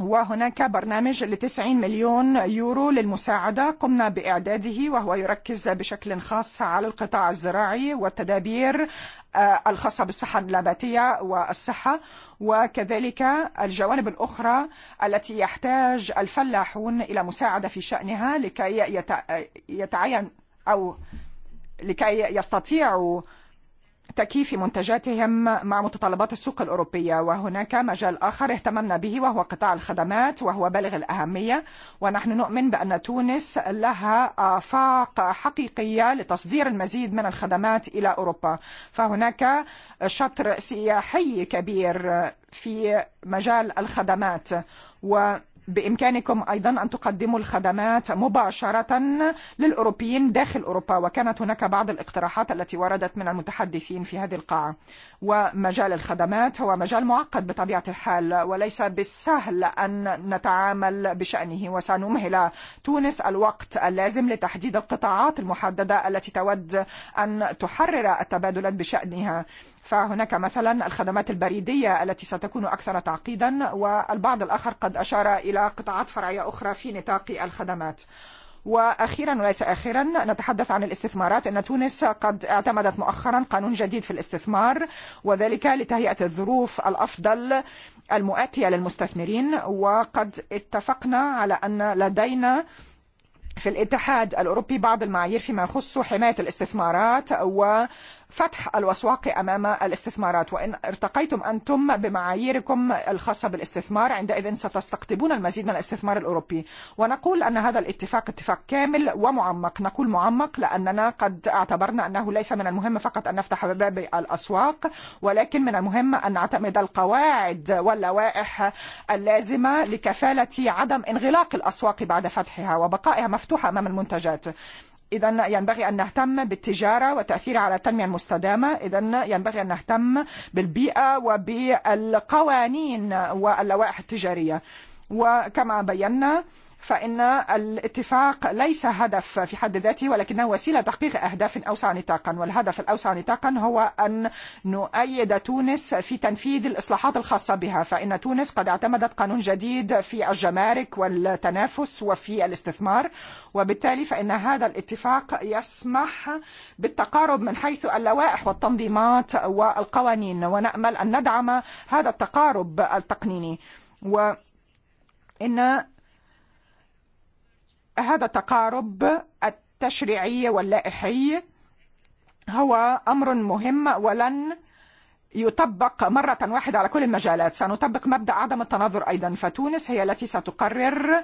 وهناك برنامج ل 90 مليون يورو للمساعدة قمنا بإعداده وهو يركز بشكل خاص على القطاع الزراعي والتدابير الخاصة بالصحة النباتية والصحة وكذلك الجوانب الأخرى التي يحتاج الفلاحون إلى مساعدة في شأنها لكي يتعين أو لكي يستطيعوا تكييف منتجاتهم مع متطلبات السوق الأوروبية وهناك مجال آخر اهتممنا به وهو قطاع الخدمات وهو بالغ الأهمية ونحن نؤمن بأن تونس لها آفاق حقيقية لتصدير المزيد من الخدمات إلى أوروبا فهناك شطر سياحي كبير في مجال الخدمات wa بإمكانكم أيضا أن تقدموا الخدمات مباشرة للأوروبيين داخل أوروبا وكانت هناك بعض الاقتراحات التي وردت من المتحدثين في هذه القاعة ومجال الخدمات هو مجال معقد بطبيعة الحال وليس بالسهل أن نتعامل بشأنه وسنمهل تونس الوقت اللازم لتحديد القطاعات المحددة التي تود أن تحرر التبادلات بشأنها فهناك مثلا الخدمات البريدية التي ستكون أكثر تعقيدا والبعض الآخر قد أشار إلى قطاعات فرعية أخرى في نطاق الخدمات وأخيرا وليس أخيرا نتحدث عن الاستثمارات أن تونس قد اعتمدت مؤخرا قانون جديد في الاستثمار وذلك لتهيئة الظروف الأفضل المؤتية للمستثمرين وقد اتفقنا على أن لدينا في الاتحاد الأوروبي بعض المعايير فيما يخص حماية الاستثمارات و فتح الأسواق أمام الاستثمارات وإن ارتقيتم أنتم بمعاييركم الخاصة بالاستثمار عندئذ ستستقطبون المزيد من الاستثمار الأوروبي ونقول أن هذا الاتفاق اتفاق كامل ومعمق نقول معمق لأننا قد اعتبرنا أنه ليس من المهم فقط أن نفتح باب الأسواق ولكن من المهم أن نعتمد القواعد واللوائح اللازمة لكفالة عدم انغلاق الأسواق بعد فتحها وبقائها مفتوحة أمام المنتجات إذا ينبغي أن نهتم بالتجارة وتأثيرها على التنمية المستدامة إذا ينبغي أن نهتم بالبيئة وبالقوانين واللوائح التجارية وكما بينا فإن الاتفاق ليس هدف في حد ذاته ولكنه وسيلة تحقيق أهداف أوسع نطاقا والهدف الأوسع نطاقا هو أن نؤيد تونس في تنفيذ الإصلاحات الخاصة بها فإن تونس قد اعتمدت قانون جديد في الجمارك والتنافس وفي الاستثمار وبالتالي فإن هذا الاتفاق يسمح بالتقارب من حيث اللوائح والتنظيمات والقوانين ونأمل أن ندعم هذا التقارب التقنيني وإن هذا التقارب التشريعي واللائحي هو أمر مهم ولن يطبق مرة واحدة على كل المجالات سنطبق مبدأ عدم التناظر أيضا فتونس هي التي ستقرر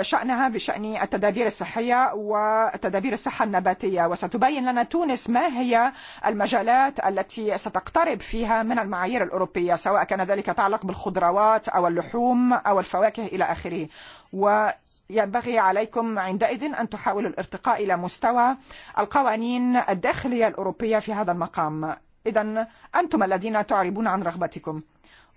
شأنها بشأن التدابير الصحية وتدابير الصحة النباتية وستبين لنا تونس ما هي المجالات التي ستقترب فيها من المعايير الأوروبية سواء كان ذلك تعلق بالخضروات أو اللحوم أو الفواكه إلى آخره ينبغي عليكم عندئذ أن تحاولوا الارتقاء إلى مستوى القوانين الداخلية الأوروبية في هذا المقام إذا أنتم الذين تعربون عن رغبتكم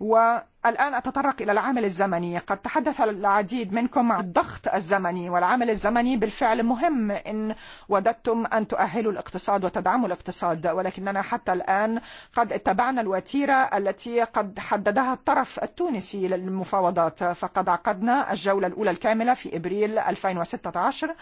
والآن أتطرق إلى العمل الزمني قد تحدث العديد منكم عن الضغط الزمني والعمل الزمني بالفعل مهم إن وددتم أن تؤهلوا الاقتصاد وتدعموا الاقتصاد ولكننا حتى الآن قد اتبعنا الوتيرة التي قد حددها الطرف التونسي للمفاوضات فقد عقدنا الجولة الأولى الكاملة في إبريل 2016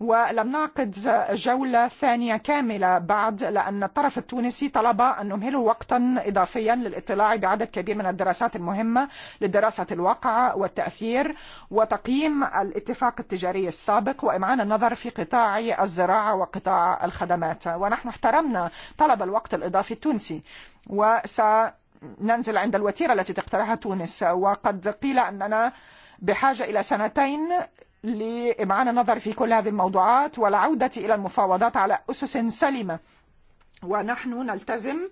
ولم نعقد جولة ثانية كاملة بعد لأن الطرف التونسي طلب أن نمهله وقتا إضافيا للإطلاع بعدد كبير من الدراسات المهمة لدراسة الواقع والتأثير وتقييم الاتفاق التجاري السابق وإمعان النظر في قطاع الزراعة وقطاع الخدمات ونحن احترمنا طلب الوقت الإضافي التونسي وسننزل عند الوتيرة التي تقترحها تونس وقد قيل أننا بحاجة إلى سنتين لإمعان النظر في كل هذه الموضوعات والعودة إلى المفاوضات على أسس سلمة ونحن نلتزم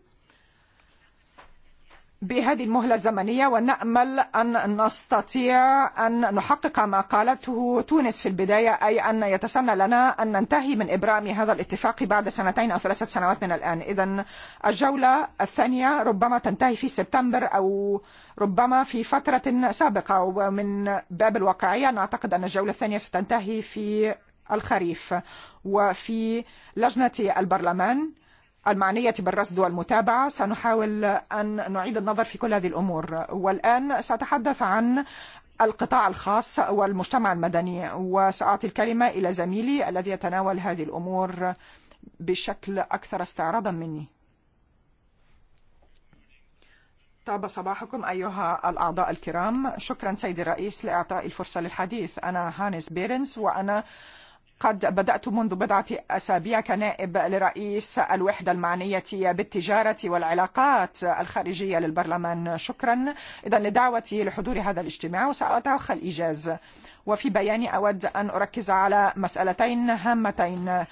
بهذه المهلة الزمنية ونأمل أن نستطيع أن نحقق ما قالته تونس في البداية أي أن يتسنى لنا أن ننتهي من إبرام هذا الاتفاق بعد سنتين أو ثلاثة سنوات من الآن إذا الجولة الثانية ربما تنتهي في سبتمبر أو ربما في فترة سابقة ومن باب الواقعية نعتقد أن الجولة الثانية ستنتهي في الخريف وفي لجنة البرلمان المعنية بالرصد والمتابعة سنحاول أن نعيد النظر في كل هذه الأمور والآن سأتحدث عن القطاع الخاص والمجتمع المدني وسأعطي الكلمة إلى زميلي الذي يتناول هذه الأمور بشكل أكثر استعراضا مني طاب صباحكم أيها الأعضاء الكرام شكرا سيد الرئيس لإعطاء الفرصة للحديث أنا هانس بيرنس وأنا قد بدأت منذ بضعة أسابيع كنائب لرئيس الوحدة المعنية بالتجارة والعلاقات الخارجية للبرلمان شكرا إذا لدعوتي لحضور هذا الاجتماع وسأتوخى الإيجاز وفي بياني أود أن أركز على مسألتين هامتين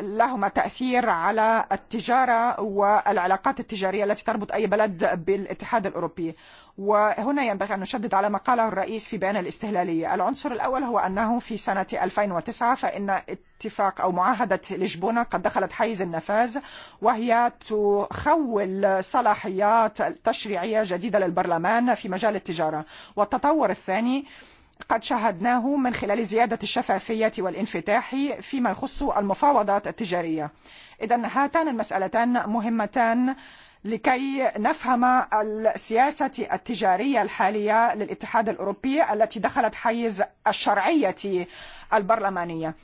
لهما تأثير على التجارة والعلاقات التجارية التي تربط أي بلد بالاتحاد الأوروبي وهنا ينبغي أن نشدد على ما قاله الرئيس في بيان الاستهلالية العنصر الأول هو أنه في سنة 2009 فإن اتفاق أو معاهدة لشبونة قد دخلت حيز النفاذ وهي تخول صلاحيات تشريعية جديدة للبرلمان في مجال التجارة والتطور الثاني قد شاهدناه من خلال زيادة الشفافية والانفتاح فيما يخص المفاوضات التجارية إذا هاتان المسألتان مهمتان لكي نفهم السياسة التجارية الحالية للاتحاد الأوروبي التي دخلت حيز الشرعية البرلمانية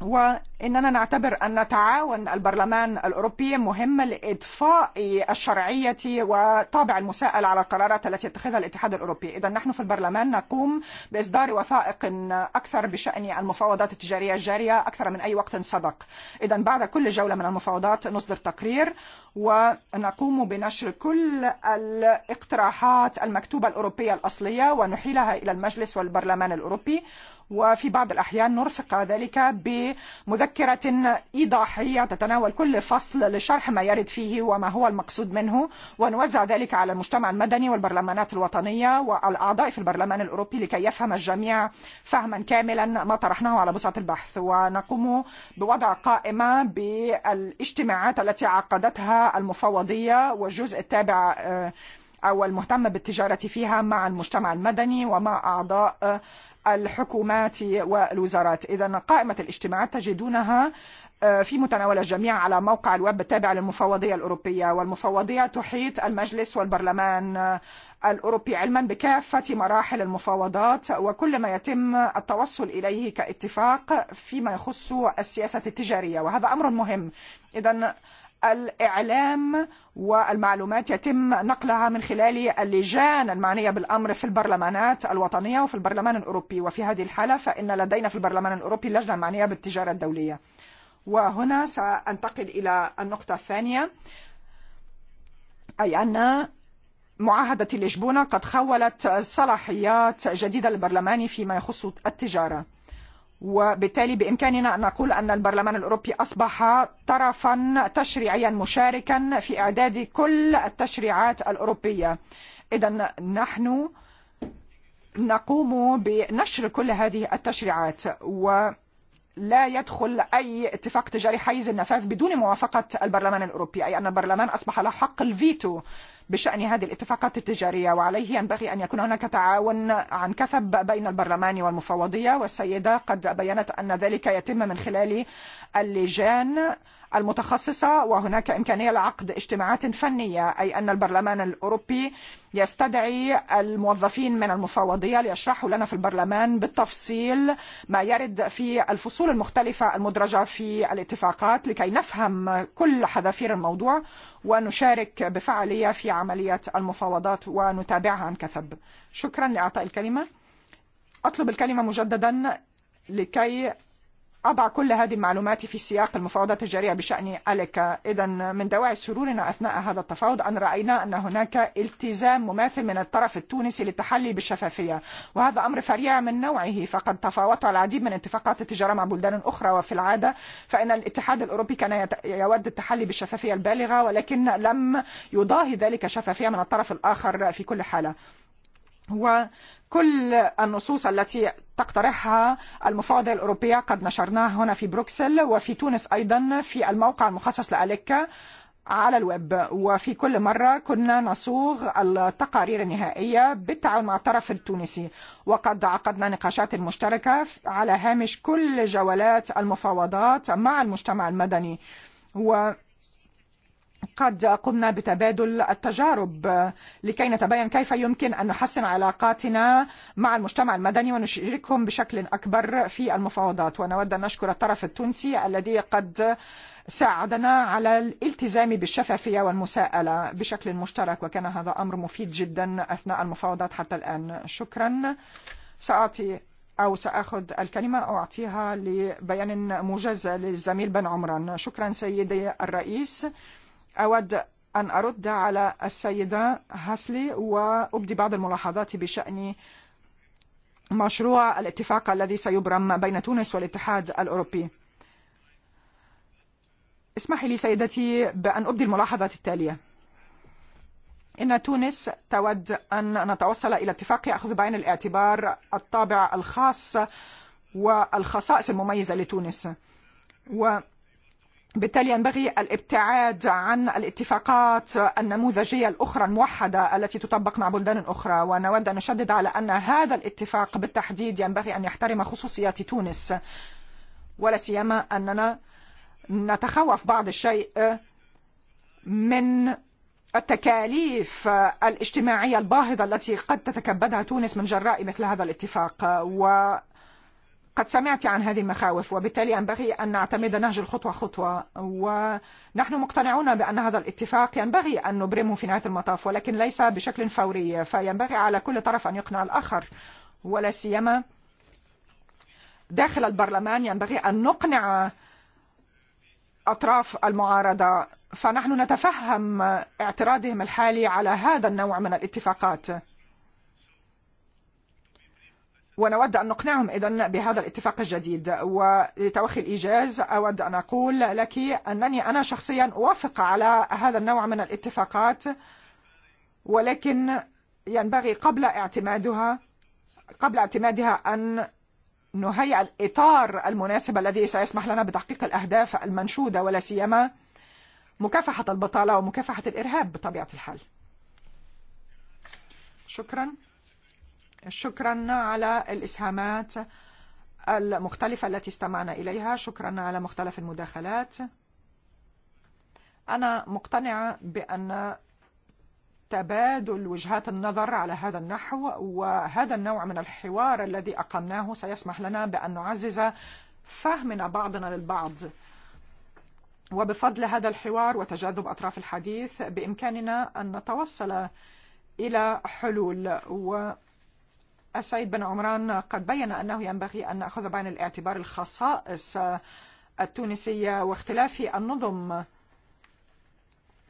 وإننا نعتبر أن تعاون البرلمان الأوروبي مهم لإضفاء الشرعية وطابع المساءلة على القرارات التي اتخذها الاتحاد الأوروبي إذا نحن في البرلمان نقوم بإصدار وثائق أكثر بشأن المفاوضات التجارية الجارية أكثر من أي وقت سبق إذا بعد كل جولة من المفاوضات نصدر تقرير ونقوم بنشر كل الاقتراحات المكتوبة الأوروبية الأصلية ونحيلها إلى المجلس والبرلمان الأوروبي وفي بعض الأحيان نرفق ذلك بمذكرة إيضاحية تتناول كل فصل لشرح ما يرد فيه وما هو المقصود منه ونوزع ذلك على المجتمع المدني والبرلمانات الوطنية والأعضاء في البرلمان الأوروبي لكي يفهم الجميع فهما كاملا ما طرحناه على بساط البحث ونقوم بوضع قائمة بالاجتماعات التي عقدتها المفوضية والجزء التابع أو المهتمة بالتجارة فيها مع المجتمع المدني ومع أعضاء الحكومات والوزارات إذا قائمة الاجتماعات تجدونها في متناول الجميع على موقع الويب التابع للمفوضية الأوروبية والمفوضية تحيط المجلس والبرلمان الأوروبي علما بكافة مراحل المفاوضات وكل ما يتم التوصل إليه كاتفاق فيما يخص السياسة التجارية وهذا أمر مهم إذا الإعلام والمعلومات يتم نقلها من خلال اللجان المعنية بالأمر في البرلمانات الوطنية وفي البرلمان الأوروبي وفي هذه الحالة فإن لدينا في البرلمان الأوروبي اللجنة المعنية بالتجارة الدولية وهنا سأنتقل إلى النقطة الثانية أي أن معاهدة لشبونة قد خولت صلاحيات جديدة للبرلمان فيما يخص التجارة وبالتالي بإمكاننا أن نقول أن البرلمان الأوروبي أصبح طرفا تشريعيا مشاركا في إعداد كل التشريعات الأوروبية إذا نحن نقوم بنشر كل هذه التشريعات و لا يدخل أي اتفاق تجاري حيز النفاذ بدون موافقة البرلمان الأوروبي أي أن البرلمان أصبح له حق الفيتو بشأن هذه الاتفاقات التجارية وعليه ينبغي أن يكون هناك تعاون عن كثب بين البرلمان والمفوضية والسيدة قد بيّنت أن ذلك يتم من خلال اللجان المتخصصة وهناك إمكانية لعقد اجتماعات فنية أي أن البرلمان الأوروبي يستدعي الموظفين من المفوضية ليشرحوا لنا في البرلمان بالتفصيل ما يرد في الفصول المختلفة المدرجة في الاتفاقات لكي نفهم كل حذافير الموضوع ونشارك بفعالية في عملية المفاوضات ونتابعها عن كثب شكرا لإعطاء الكلمة أطلب الكلمة مجددا لكي أضع كل هذه المعلومات في سياق المفاوضات التجارية بشأن أليكا إذا من دواعي سرورنا أثناء هذا التفاوض أن رأينا أن هناك التزام مماثل من الطرف التونسي للتحلي بالشفافية وهذا أمر فريع من نوعه فقد تفاوضت العديد من اتفاقات التجارة مع بلدان أخرى وفي العادة فإن الاتحاد الأوروبي كان يود التحلي بالشفافية البالغة ولكن لم يضاهي ذلك شفافية من الطرف الآخر في كل حالة كل النصوص التي تقترحها المفاوضة الأوروبية قد نشرناها هنا في بروكسل وفي تونس أيضا في الموقع المخصص لأليكا على الويب وفي كل مرة كنا نصوغ التقارير النهائية بالتعاون مع الطرف التونسي وقد عقدنا نقاشات مشتركة على هامش كل جولات المفاوضات مع المجتمع المدني و قد قمنا بتبادل التجارب لكي نتبين كيف يمكن أن نحسن علاقاتنا مع المجتمع المدني ونشاركهم بشكل أكبر في المفاوضات ونود أن نشكر الطرف التونسي الذي قد ساعدنا على الالتزام بالشفافية والمساءلة بشكل مشترك وكان هذا أمر مفيد جدا أثناء المفاوضات حتى الآن شكرا سأعطي أو سأخذ الكلمة أو أعطيها لبيان موجز للزميل بن عمران شكرا سيدي الرئيس أود أن أرد على السيدة هاسلي وأبدي بعض الملاحظات بشأن مشروع الاتفاق الذي سيبرم بين تونس والاتحاد الأوروبي اسمحي لي سيدتي بأن أبدي الملاحظات التالية إن تونس تود أن نتوصل إلى اتفاق يأخذ بعين الاعتبار الطابع الخاص والخصائص المميزة لتونس وتونس بالتالي ينبغي الابتعاد عن الاتفاقات النموذجية الأخرى الموحدة التي تطبق مع بلدان أخرى ونود أن نشدد على أن هذا الاتفاق بالتحديد ينبغي أن يحترم خصوصيات تونس ولا سيما أننا نتخوف بعض الشيء من التكاليف الاجتماعية الباهظة التي قد تتكبدها تونس من جراء مثل هذا الاتفاق و قد سمعت عن هذه المخاوف وبالتالي ينبغي أن نعتمد نهج الخطوة خطوة ونحن مقتنعون بأن هذا الاتفاق ينبغي أن نبرمه في نهاية المطاف ولكن ليس بشكل فوري فينبغي على كل طرف أن يقنع الآخر ولا سيما داخل البرلمان ينبغي أن نقنع أطراف المعارضة فنحن نتفهم اعتراضهم الحالي على هذا النوع من الاتفاقات ونود أن نقنعهم أيضا بهذا الاتفاق الجديد ولتوخي الإيجاز أود أن أقول لك أنني أنا شخصيا أوافق على هذا النوع من الاتفاقات ولكن ينبغي قبل اعتمادها قبل اعتمادها أن نهيئ الإطار المناسب الذي سيسمح لنا بتحقيق الأهداف المنشودة ولا سيما مكافحة البطالة ومكافحة الإرهاب بطبيعة الحال شكرا شكرا على الإسهامات المختلفة التي استمعنا إليها شكرا على مختلف المداخلات أنا مقتنعة بأن تبادل وجهات النظر على هذا النحو وهذا النوع من الحوار الذي أقمناه سيسمح لنا بأن نعزز فهمنا بعضنا للبعض وبفضل هذا الحوار وتجاذب أطراف الحديث بإمكاننا أن نتوصل إلى حلول و السيد بن عمران قد بين أنه ينبغي أن نأخذ بعين الاعتبار الخصائص التونسية واختلاف النظم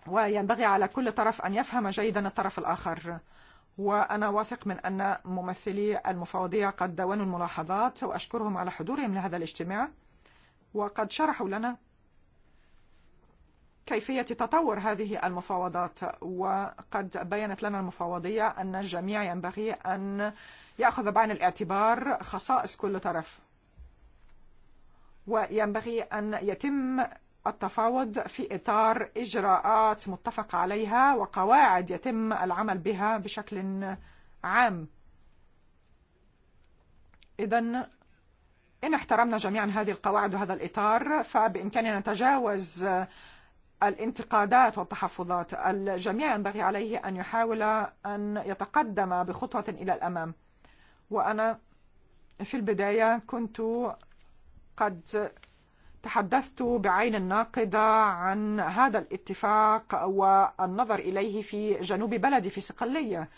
وينبغي على كل طرف أن يفهم جيدا الطرف الآخر وأنا واثق من أن ممثلي المفوضية قد دونوا الملاحظات وأشكرهم على حضورهم لهذا الاجتماع وقد شرحوا لنا كيفية تطور هذه المفاوضات وقد بيّنت لنا المفاوضية أن الجميع ينبغي أن يأخذ بعين الاعتبار خصائص كل طرف وينبغي أن يتم التفاوض في إطار إجراءات متفق عليها وقواعد يتم العمل بها بشكل عام إذن إن احترمنا جميعا هذه القواعد وهذا الإطار فبإمكاننا نتجاوز الانتقادات والتحفظات الجميع ينبغي عليه أن يحاول أن يتقدم بخطوة إلى الأمام وأنا في البداية كنت قد تحدثت بعين الناقدة عن هذا الاتفاق والنظر إليه في جنوب بلدي في صقلية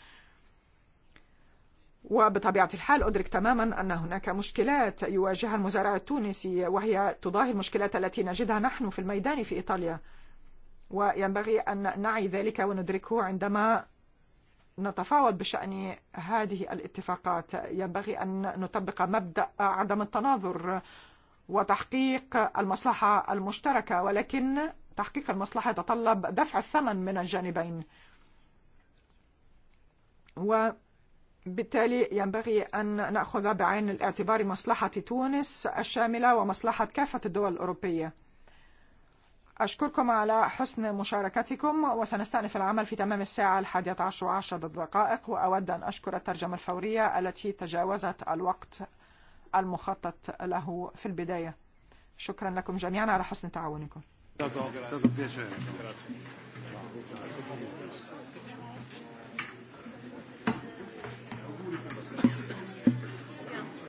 وبطبيعة الحال أدرك تماما أن هناك مشكلات يواجهها المزارع التونسي وهي تضاهي المشكلات التي نجدها نحن في الميدان في إيطاليا وينبغي أن نعي ذلك وندركه عندما نتفاوض بشأن هذه الاتفاقات ينبغي أن نطبق مبدأ عدم التناظر وتحقيق المصلحة المشتركة ولكن تحقيق المصلحة يتطلب دفع الثمن من الجانبين وبالتالي ينبغي أن نأخذ بعين الاعتبار مصلحة تونس الشاملة ومصلحة كافة الدول الأوروبية أشكركم على حسن مشاركتكم في العمل في تمام الساعة الحادية عشر وعشر دقائق وأود أن أشكر الترجمة الفورية التي تجاوزت الوقت المخطط له في البداية شكرا لكم جميعا على حسن تعاونكم Thank you.